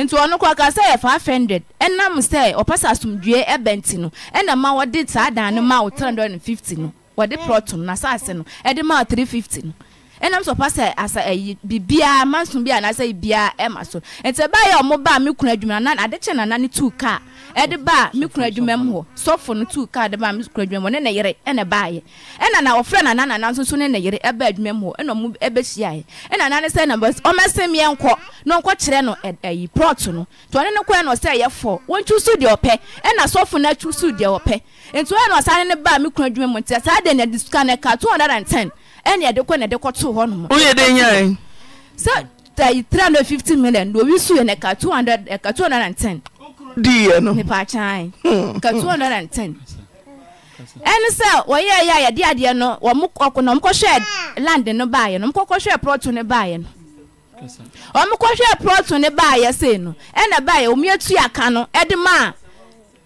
nti ɔno kɔ ɔka sɛ yɛ five hundred ɛnam sɛ ɔpɛ sɛ asomdue ɛbɛnti no ɛna ma wɔde saa dan no ma wo three hundred and fifty no wɔde prɔto no na saase no ɛde ma three fifty no ɛnam sɛ ɔpa asa ɛyi bibiaa mansom bi anaasɛ biaa ɛma so nti ɛbaa yɛ ɔmo baa me kunu adwuma na adekyɛ nana ne tuu kaa ɛde baa me kunu adwuma mu hɔ sɔfo no tuu kaa de baa me kunu adwuma mu hɔ ne ne yere ɛna baayɛ ɛna na ɔfrɛ nana nana nso so ne ne yere ɛbaa adwuma mu hɔ ɛna ɔmo ɛbɛhyia yɛ ɛna nana sɛ namba ɔmɛsɛn mi ɛnkɔ na ɔnkɔ kyerɛ no ɛyi prɔt no to ɔne ne kɔɛ na ɔsɛ ɛyɛ fɔ wɔntwi so deɛ ɔpɛ ɛna sɔfo no atwi so deɛ ɔpɛ nti ɔyɛ na ɔsan ne baa me kunu adwuma mu nti saa de na disika ne ka two hundred and ten ɛna yɛde kɔ na yɛde kɔ to hɔ nom. wúyẹ dé nyà yẹn. sɛ three hundred fifty million do obi su yɛ na two hundred ɛka two hundred and ten. di yɛ no. nipa kyan ɛka two hundred and ten. ɛne sɛ wɔyɛ yɛ a di adeɛ no wɔn kɔ na wɔn kɔhwɛ land no baayɛ no wɔn kɔhwɛ plot no baayɛ no wɔn kɔhwɛ plot no baayɛ sei no ɛna baayɛ wɔn etu aka no ɛde maa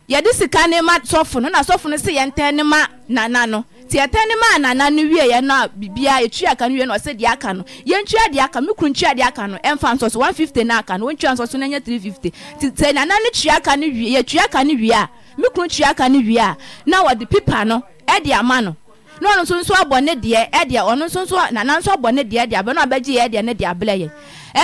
yɛde sika ne ma sɔfo no na sɔfo no si yɛn ntɛn ne ma nana no nti ɛtɛn ne maa nana ne wie yɛ no a bibia etu aka no wie no ɔsɛ deɛ aka no yɛn tu adeɛ aka no kuru tu aka no ɛnfa nsɔsɔ one fifty na aka no wɔn tu nsɔsɔ na nyɛ three fifty ti sɛ nana ne tu aka no wie yɛ tu aka no wie a me kuru aka no wie a na wɔde pipa no ɛde ama no na ɔno nso nso abɔ ne deɛ ɛdeɛ ɔno nso nso nana nso abɔ ne deɛ deɛ abɛ na ɔbɛgye yɛ deɛ ne deɛ abelɛ yɛ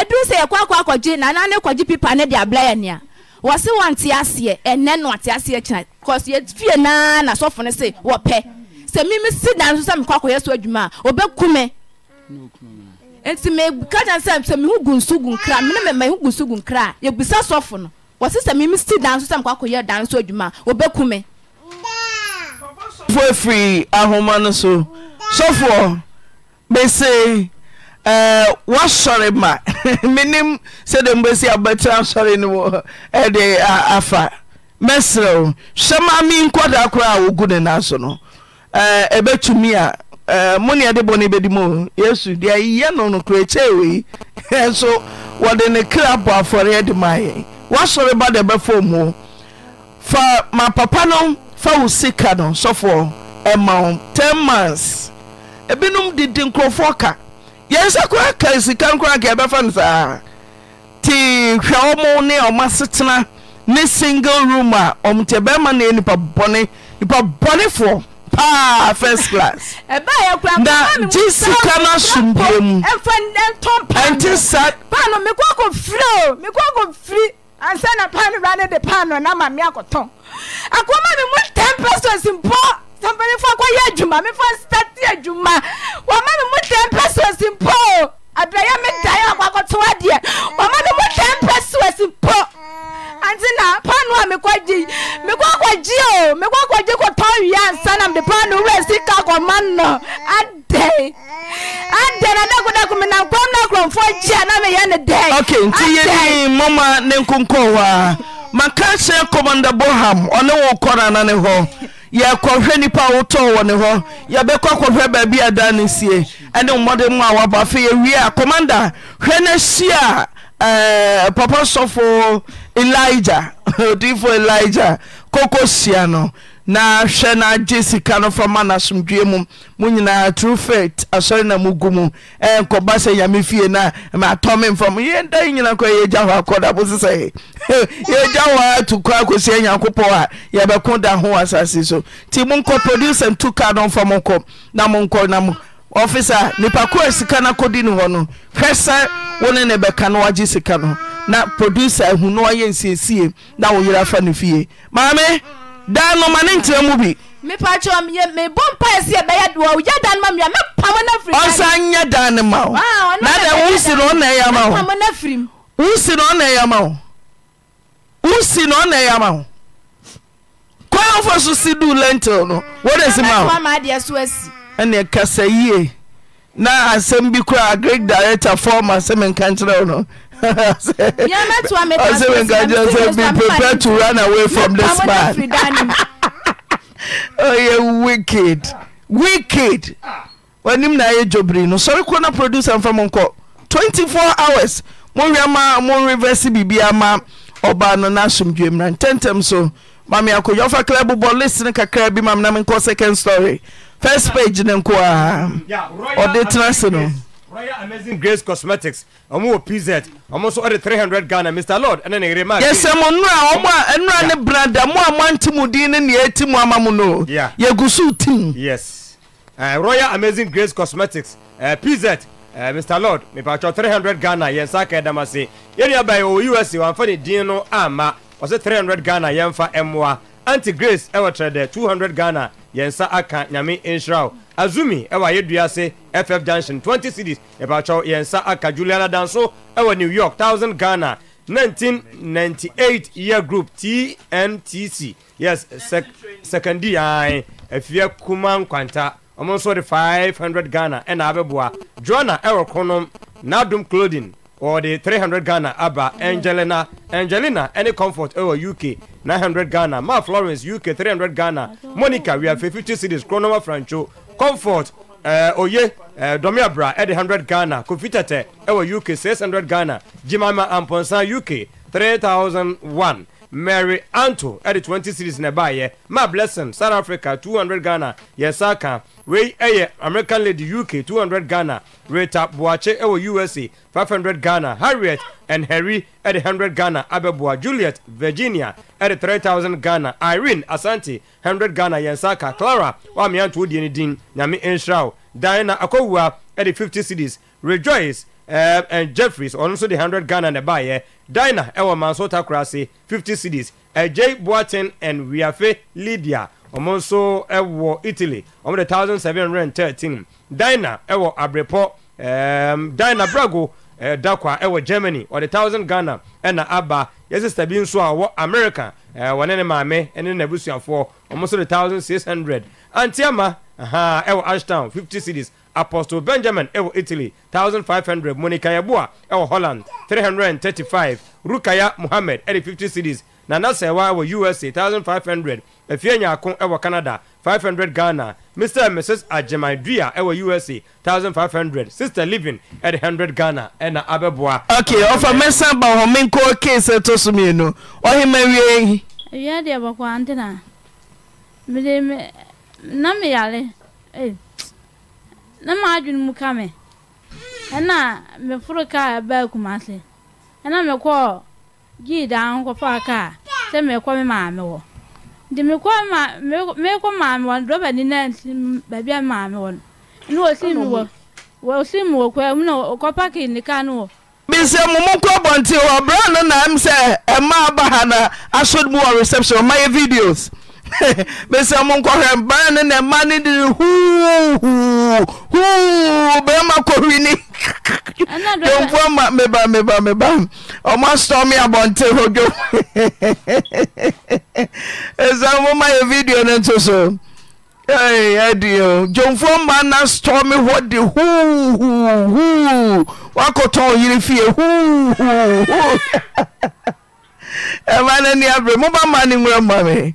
ɛduru sɛ yɛkɔ akɔ akɔgye nana ne kɔgye pipa ne deɛ abelɛ yɛ nea wɔsi wɔn te aseɛ ɛnɛ no ɔte aseɛ kyerɛ kɔsi efie naa na sɔfo ne se wɔpɛ sɛ mimi si dan so sɛ mekɔ akɔyɛ so adwuma a ɔbɛku me nti meka kyɛn sɛ sɛ mehu gu nsu gu nkra mene mema mehu gu nsu gu nkra a yɛbisa sɔfo no wɔse sɛ mimi si dan so sɛ mekɔ akɔyɛ dan so adwuma a ɔbɛku me sɔfoɔ afiri ahoma no so sɔfoɔ bɛse ɛɛ eh, wasɔre ma menim sɛdeɛ mbɛsi abɛtena asɔre no wɔ ɛde afa mɛsrɛ hyɛ maa mi nkɔda koraa a wogu ne nan so no ɛbɛtumi eh, a eh, mo nea de bɔ ne bɛdi mu yesu deɛ yɛ no nokora kyɛɛ wei nso wɔde ne kra bɔ afɔre de ma yɛ wasɔre ba de bɛfɔ mu fa ma papa no fa wo sika no sɔfoɔ ɛma wo ten months ebinom didi nkurɔfoɔ ka yɛn nsa koraa ka sika nkoraa ka yɛbɛfa no saa ti hwɛ wɔn ne wɔn asetena ne single room a wɔn te bɛrima ne nipa bɔne nipa bɔnefoɔ paa ah, first class na gye sika no asomdie mu ɛnte sa ansa na paano wura ne de paano na ma maame akɔtɔn akoma mi mu ten pesos mpɔ sampanifo akɔyɛ adwuma mifo asitati adwuma wɔma mi mu ten pesos mpɔ o. abɛyɛ me dae ya deɛ ɔma no mu dɛn pɛ soasi mpo anti na paano a mekɔgye mekɔkɔgye o mekɔkɔgye kɔtɔn wie ansa na mede paano wura sika kɔma no adɛn adɛn na dakodako menam kɔm na kurɔmfoɔ gye a na meyɛ ne ok nti yɛni mɔma ne nkonkɔn hɔ a maka kyerɛ kɔmanda boham ɔne wo kɔnana ne hɔ yɛkɔhwɛ nnipa wotɔɔ wɔ ne hɔ yɛbɛkɔ kɔhwɛ baabi adana ne sie ɛne mmmɔde mɔ a woabɔ afei yɛwie a kɔmmanda hwɛ eh, no ahyi a papɔ nsɔfo iligja odiifo iligja kokɔ sia no na hɛ no agye sika no fa ma nasomdiamu moyina ti srna m umunkɔasa a eaye sika a oeyɛ sisie a oyer fa no fe mm daa ma ne nkyerɛ mu bi ɔnsa nyɛ daa ne ma o. na dɛ wosi no na ɛyama wo na ọ ɔna ɛyama wo wosi no na ọ wo kwan fa so si duu lentil no wɔde si ma wo ɛneɛ kasa yie na asɛm bi koraa agric director fɔma sɛ menka nkyerɛ wo no I say when God a person. be prepared to run away from this man. oh, you wicked. Wicked. When him na ye jobri no. Sorry, kona producer and from unko. 24 hours. Mon yama, mon reverse bibi ama. Oba no na sum jemran. Tentem so. Mami ako yofa club but listen kakra bi mam na menko second story. First page nenko a. Yeah, Royal Or they transfer royal amazing grace cosmetics ɔmo wɔ pz ɔmo nso ɔde three hundred ghana mr lord ɛna ne yere maa. yɛsɛ mo nnura ɔmo a nnura ne brada mo a mo anti mu din ne nea eti mu ama mu no. yɛ gu so yes uh, royal amazing grace cosmetics uh, eh, pz. Uh, eh, mr lord mipatwɔ three hundred ghana yɛn nsa ka ɛdam ase yɛn nua bɛyɛ afa ne din no ama ɔsɛ three hundred ghana yɛn fa ɛmoa anti grace ɛwɔ tɛrɛ dɛ two hundred ghana yɛn nsa aka nyame nhyira azumi ɛwɔ ayɛ dua ase ff junction twenty cities yɛpatwɛw yɛn nsa aka juliana danso ɛwɔ new york thousand ghana nineteen ninety eight year group tntc yes sec secondary ayi efie kuma nkwanta ɔmo nso de five hundred ghana ɛna abɛboa joanna ɛwɔ kɔnɔm nadum clothing wɔde 300 ghana aba angelina angelina ɛne comfort ɛwɔ uk 900 ghana ma florence uk 300 ghana monica wia 50 cities kronoma francho comfort eh, oye ɛɛ uh, eh, dɔmi abra ɛde hundred ghana kofi tɛtɛ ɛwɔ uk six hundred ghana jimama amponsan uk three thousand one mary anto ɛde 20 series na ɛbaayɛ ma blessing south africa two hundred ghana yɛsa ka wei ɛyɛ american lady uk two hundred ghana rita boakye ɛwɔ usa Five hundred ghana harriet and harry ɛde hundred ghana abɛboa juliet virginia ɛde thousand ghana irene asante hundred ghana yɛnsa ka clara wɔameantoɔ die ni din nyame nhyiraw diana akɔwua ɛde fifty cities rejoice uh, and jeffries ɔno nso de hundred ghana na ɛbaayɛ eh? dina ɛwɔ mansota kurase fifty cities. ɛjay eh, uh, boaten and wiafe lydia ɔmo nso ɛwɔ italy ɔmo de thousand seven hundred and thirteen dina ɛwɔ abrepɔ um, dina brago uh, dakwa ɛwɔ germany ɔde thousand ghana ɛna aba yɛ sista bi nso a ɔwɔ america wɔne ne maame ɛne n'abusuafoɔ ɔmo nso de thousand six hundred antiama ɛwɔ ashtown fifty cities apostle benjamin ɛwɔ italy thousand five hundred. monica Yabua, ɛwɔ holland three hundred and thirty-five. rukaya mohammed ɛde fifty cities nana sɛwa wɔ usa 1500 afie nyaako ɛwɔ canada five hundred. ghana mr and mrs agyemaidua ɛwɔ usa thousand five hundred. sister living ɛde hundred. ghana ɛna abɛboa ok ɔfa mɛsa ba hɔ menkɔ case ɛtɔ so mmienu ɔhema wie awia deɛ bɔkɔ ante na mede na meyare na m'adwene mu ka me ɛna meforo kaa baa kumase ɛna mekɔɔ gii daa ho kɔfaa kaa sɛ mekɔ me maame wɔ nti mekɔ mekɔ maame wɔ dɔba ni na baabi a maame wɔ no na osi mi wɔ osi mi wɔ mu na ɔkɔ paki ne kaa no wɔ. bisɛ mo wɔ no na m sɛ ɛmaa ba ha na aso mu wɔ reception ɔma yɛ videos. bɛsɛ mo nkɔhwɛ mbaa ne ne mma ne de huuhuu bɛrima kɔhwini yɛmfoɔ ma meba meba meba ɔmo asɔ me abɔnte hɔ dwom ɛsɛ mo ma yɛ video no nso so ɛdeɛ dwomfoɔ ma na stɔ me hɔ de huuhuuhuu wakɔtɔn yere fie huuhuuhu ɛma no ni aberɛ mobama ne nwura ma me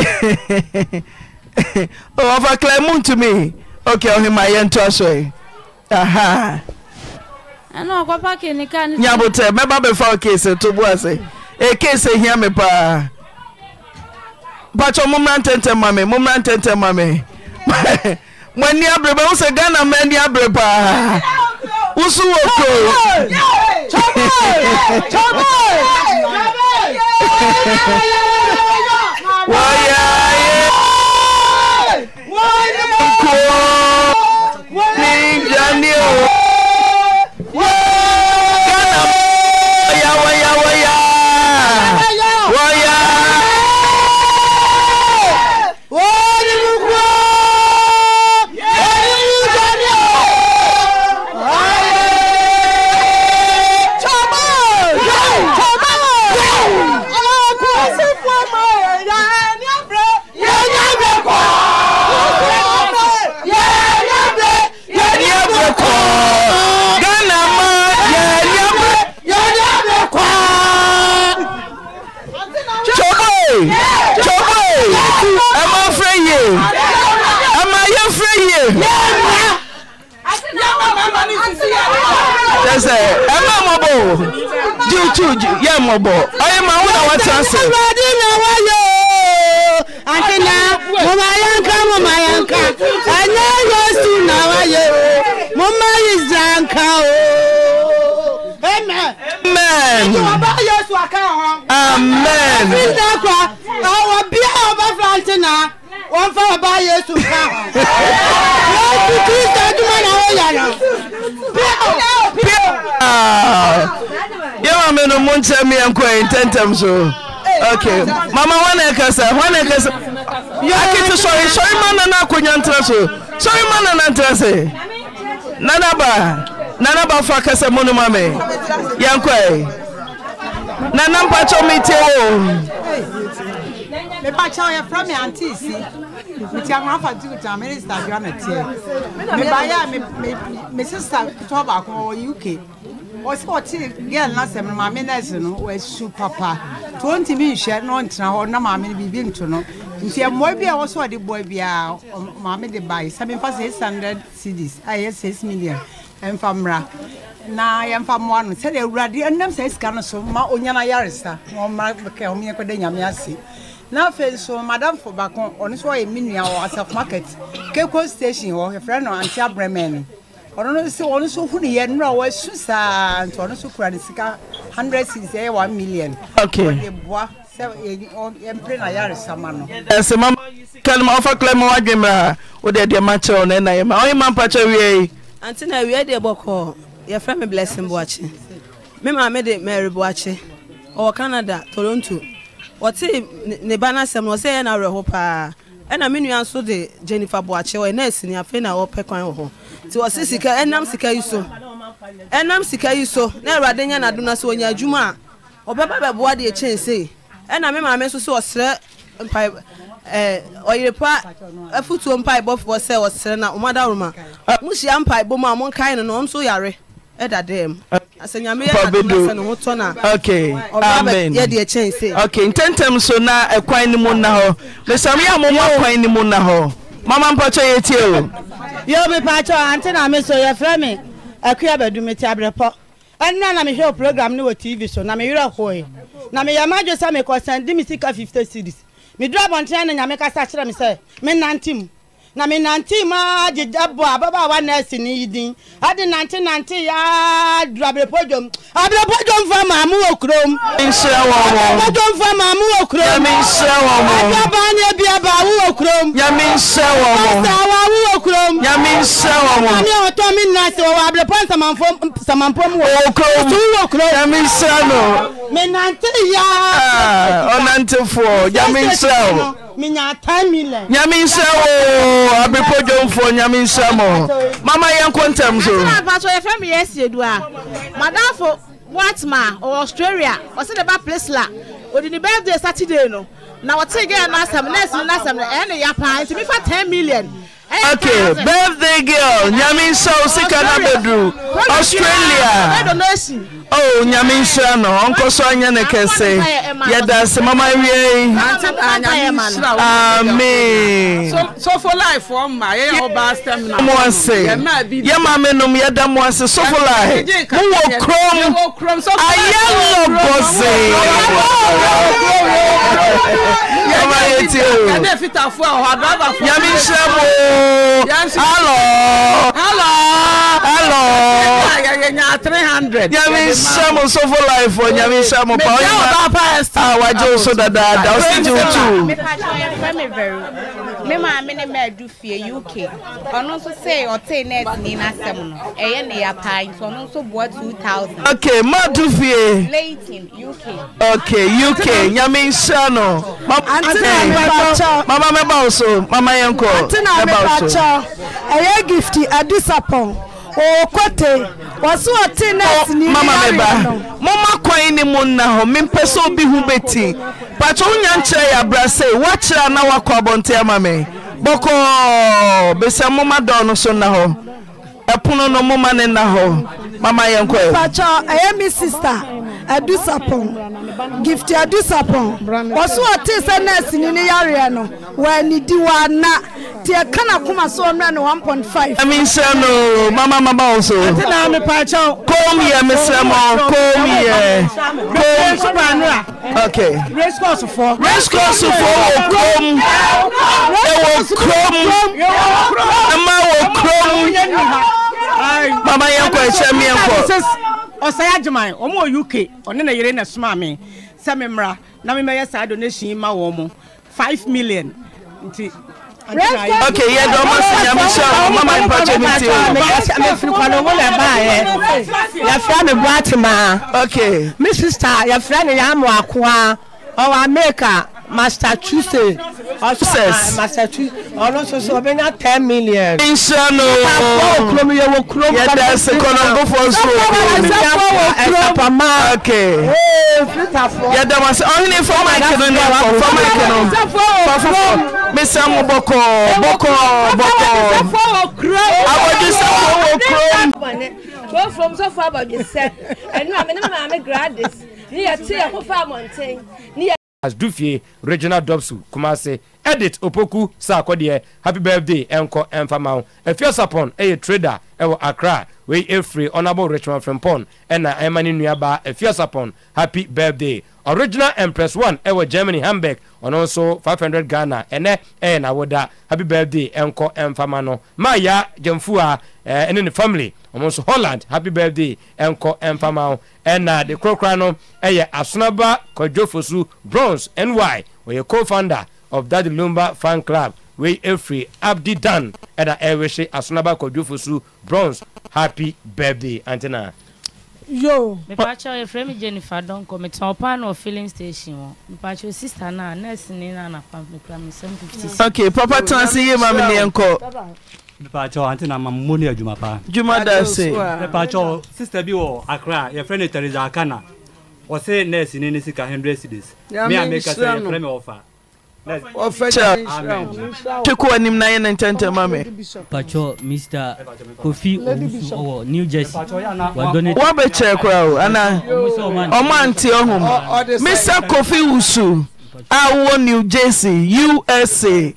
Oh, eh? fa clamu tumi ok emayentuasuhaaote efakse tobs ekse imepa pamttttbrba Why? Why? Why? kyerɛ sɛ ɛma mɔbɔ o jiwtu yɛ mɔbɔ ɔyɛ ma wo na wɔte ase. awurade na wayɛ o ate na mɔmɔ ayanka mɔmɔ ayanka ɛnyɛ yesu na wayɛ o nka o. amen. amen. ɔba yesu aka hɔ. amen. ɛfi da kɔ ɔwɔ bia ɔba filante na wọn fẹ ọba yesu ká yesu kristu adumọ na ó yàrá yɛma me no mo nkyɛ me yɛnkɔ ɛntɛntɛm so okay mama wane ɛkɛsɛ wane ɛkɛsɛ akete sɔre sɔre ma nana akonnwa ntera so sɔre ma nana ntera se nanaba nanaba fo akɛsɛ mo no ma me yɛnkɔ ɛ nana mpakyɛ metie o mebakyɛ ɔyɛ frɛ me anteesi meti ahoafa tuta me ne sista adwa teɛ mebaeɛ me sista ketewa baako ɔwɔ uk ɔsɛ ɔte gɛl no asɛm no maame nɛse no wasu papa nti ɔntumi nhyɛ na ɔntena hɔ na maame no biribi nto no nti mmoa bi a wɔ sɛ ɔde boa biara maame de bae sɛ memfa 600 cds ayɛ 6 million ɛmfa mmra na yɛmfa mmoa no sɛdeɛ awurade ɛnam saa sika no so ma ɔnyana yaresa na ɔma kɛ ɔmenyɛkɔda nyame ase na afei nso madamfo baako ɔno nso ɔyɛ me nua wɔ market keko station hɔ yɛfrɛ no ante abrɛmɛ no ɔno no nso ɔno nso huni yɛ nnura wɔsu saa nti ɔno nso kura hundred cities ɛyɛ one million. okay ɔde boa sɛ ɛmpere na yaresama no. ɛsɛ mama kalima ɔfa a wode deɛ ma kyerɛ ɔno ɛna yɛ ma ɔyɛ ma mpa kyerɛ wie yi. ante na wie deɛ bɔkɔ yɛfrɛ me blessing boakye me maame de mary boakye ɔwɔ canada toronto wɔte ne ba no asɛm no ɔsɛ yɛ ɛna mi nua nso de jennifer boakye ɔyɛ nɛɛse ni afei na ɔpɛ kwan wɔ hɔ nti wɔsi sika ɛnam sika yi so ɛnam sika yi so na awurade nyɛ n'adom na sɛ wɔnya adwuma a ɔbɛba bɛboa deɛ kyɛn sei ɛna me maame nso so ɔsrɛ mpa ɛɛ ɔyere pa afutuo mpaebɔfoɔ sɛ ɔsrɛ na ɔmo adaroma mo hyia mpaebɔ mu a ɔmo nkae no na ɔmo nso yare ɛda dɛm asɛ nyame yɛ nadomasa ne ho tɔ no ɔbɛyɛde ɛkyɛn se ok ntɛntɛm so na ɛkwan no mu nna hɔ mesame yɛ momma kwan no mu nna hɔ mama mpakyɛ yɛtie o yo mepakyɛ ante na me so yɛfrɛ me akua badu mete abrɛpɔ ɛnna na mehwɛ program no wɔ tv so na mewerɛ hoe na meyɛ ma adwe sɛ mekɔsɛn de me sika 50 series meduru abɔntena na nyame kasa kyerɛ me sɛ menante mu na me nante ma agyegya bɔ ababaawa nɛɛse ne yi din ade nante nante yaa duro mu dwom abirapɔ dwom fa maamu wɔ kurom. nhyira wɔn wɔn abirapɔ dwom fa maamu wɔ kurom. nyame nhyira wɔn wɔn aduaba ne ebiaba awu wɔ kurom. nyame nhyira wɔn wɔn pasta awa awu wɔ kurom. nyame nhyira wɔn wɔn maame a ɔtɔ mi nnaase wɔ wɔ abirapɔ nsamanfo nsamanfo mu wɔ kurom tu wɔ kurom. nyame nhyira no. me nante yaa. Ah, ɔnantefoɔ nyame nhyira wɔn nyame nsɛm o abepɔdwomfoɔ nyame nsɛm o mama yɛnkɔ ntɛm so watma ɔwɔ australia ɔsɛ ne ba plisla ɔde birthday saturday no na wɔte gɛ n'asɛm nɛɛsi no n'asɛm no ɛyɛ ne ya nti mifa ten million. okay birthday girl nyame nsɛm sika na bɛduru australia. Oh, Nyame nhyira no, ɔnkɔ so anyɛ ne kɛse. Yɛda ase mama wie. Amen. Sofo life wɔn ma, yɛyɛ ɔba asɛm na. Mo ase. Yɛ ma me nom yɛda mo ase sofo life. Mo wɔ Ayɛ lɔbɔse. Yɛma Nyame nhyira mo. Alɔ hello hello. yẹnyẹnyẹ three hundred. nyami sẹ́mu sọ́fọ́ láìfọ̀ nyami sẹ́mu pa ọ́ yẹn. mi jẹ́ ọ̀dọ́ apá ẹ̀ sí. àwọn ajé oṣù dada dada ó sì jù ú tù. mi ká jọ ẹ fẹ́ me maame ne maadu fie uk ɔno nso sɛ ɔtee nɛɛse ni n'asɛm no ɛyɛ ne yapa nti ɔno nso boa two thousand. ok maadu fie. leighton uk. ok uk nyame nhyia no. antina mi ba kyɔ. mama mɛba wo so mama yɛn kɔ mɛba wo so. antina mi ba kyɔ ɛyɛ gift adisapɔn. okote wɔso ɔte nurse ni oh, mama meba moma kwan ne mu nna hɔ mempɛ sɛ obi ho bɛti patro wonya nkyerɛ yɛ abra sɛ na woakɔ abɔnte ama me bɔkɔɔ bɛsɛ moma dɔɔ no so nna hɔ ɛpono no moma ne nna hɔ mama ɛyɛ eh, sista adusapɔn gift adusapɔn ɔso ɔte sɛ nɛɛse ni ne yareɛ no wɔanidi wɔana ti ɛka e kuma koma so ɔmmerɛ no 1.5 ɛmi nhyɛ no mama mama wo so kom yɛ mesrɛ mɔ kom yɛ ok race course foɔ wɔ kom ɛwɔ krom ɛma wɔ krom mama yɛnkɔ ɛkyɛ mi yɛnkɔ. ɔsɛe agyeman ɔmo wɔ uk ɔne na yere na soma me sɛ me mmra na memɛyɛ saa donation ma wɔn mo five million nti ok yɛ dɔn mo si nyame hyɛ ɔmo mama nipa kyɛ mi ti o. mefiri kwan owo na ɛbaa yɛ yɛfrɛ ne boatemaa. ok me sista yɛfrɛ ne yɛamo akoa ɔwɔ america master tuesday success. masatu ọlọsọsọ ọbẹ nya ten million. n ṣe no. ọkọ okurom yẹ wo kurom. yẹ dẹ ẹsẹ kọnọgún fọ sùn okurom. ẹsapama. ok. yẹ dẹ wọn sẹ ọhún ni fọmọ ìkìlọ ni ẹkọ fọmọ ìkìlọ. fọfọfọ mísà mú bọkọ bọkọ bọkọ. abojú sáfọ okurom. go from so far abojú sẹ ẹnu àmì ní maame gradis ní yẹ tí yẹ kó fà mọ̀ntẹ́n ní yẹ. As asdufie regional dopsu kumase edit opoku saako deɛ happy birthday ɛnkɔ ɛnfama ho efiosapon ɛyɛ trader ɛwɔ accra wei efiri honourable richmond frimpon ɛna ɛma ne nuabaa efiosapon happy birthday original empress one ɛwɔ eh, germany hamburg ɔno nso 500 ghana ɛnɛ ɛyɛ eh, n'awoda happy birthday ɛnkɔ ɛmfama no maaya gyɛmfu a ɛne eh, ne family ɔmo nso holland happy birthday ɛnkɔ ɛmfama ho ɛna de korakora no ɛyɛ asonaba kwadwofosu bronze ny ɔyɛ co-founder of daddy lumba fan club Wey efiri abdi dan ɛna ɛwɛhyɛ asonaba kwadwofosu bronze happy birthday Antena yo. mipatwa efra mi jennifer donko mitɔn paano of filling station wɔ mipatwa sista naa nurse ni na na pam mikura mi seven fifty ok papa tena se yie maami ni yɛn kɔ. mipatwa ante na mamu mo ni adwuma pa. juma da se. mipatwa sista bi wɔ accra yɛfrɛ ne teresa akana ɔse nurse ni ne sika hundred cedis. mi a mi kasa yɛfrɛ mi wɔ tekuwa ni mnaenda ntente mame pacho mr kofi owusu new jersey wabɛkyerɛ koraa o ana ɔmante ɔhom ɔho mu mr kofi wusu a wowɔ new jersey usa uh,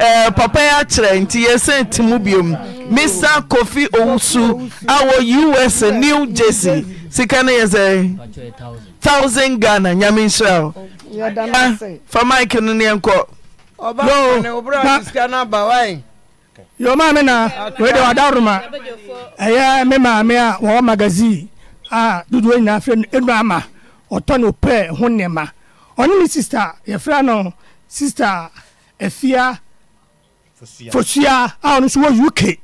eh, papa ya kyerɛ nti yɛsɛ ti mu biom mr kofi owusu a wɔ usa new jersey sika no yɛ sɛ thousand ghana nyame nhyira o fa mike no ne nkɔ yɛ ɔmaa na wei de wada roma ɛyɛ me maame a wɔwɔ magazine a dodoɔ nyinaa frɛ e no ɛnu ama ɔtɔ no pɛ ho nneɛma ɔne ne sister yɛfrɛ no sister afia fosua a ɔno nso wɔ uk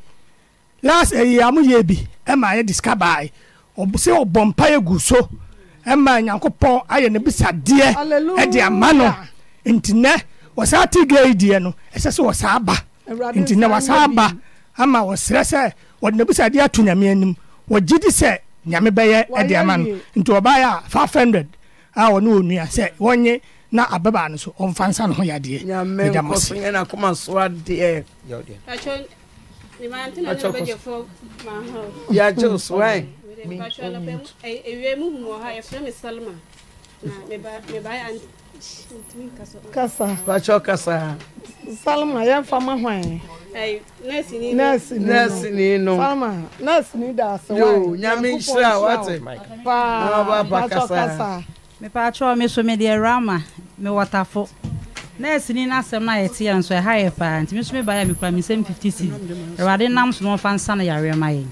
last ɛyɛ eh, amoyɛ bi ɛma yɛ discover sɛ ɔbɔ mpa yɛ gu so ɛma nyankopɔn ayɛ ne bisadeɛ ɛde ama no nti nɛ wɔsaa te ga yi deɛ no ɛsɛ sɛ wɔsaa ba nti nɛ wɔsaa ba ama wɔserɛ sɛ wɔde ne ato nyame anim wɔgye di sɛ nyame bɛyɛ ɛde ama no nti wɔbaeɛ a 500 a wɔne wɔnua sɛ wɔnye na ababaa no so ɔmfa nsa ne ho yadeɛ meda me omu ewiemu hu wɔ ha yɛfrɛ me salma na meba yɛ kasa bàtchɔ kasa. salma yẹn fa ma hwan. ɛɛ eh, nɛɛsi ni nɛɛsi ni nɛɛsi salma nɛɛsi ni da ase e e wa yoo nyame nhyira wate paa bàtchɔ kasa. mipatchɔ mi so mi deɛ rama mi wɔtafo nɛɛsi ni n'asɛm na yɛ ti yɛ nso ɛha yɛ paa nti mi so mi ba yɛ mi kura mi nsɛm fifty six ɛwɛ ade nam so na wɔn fa nsa na yare ma yɛ.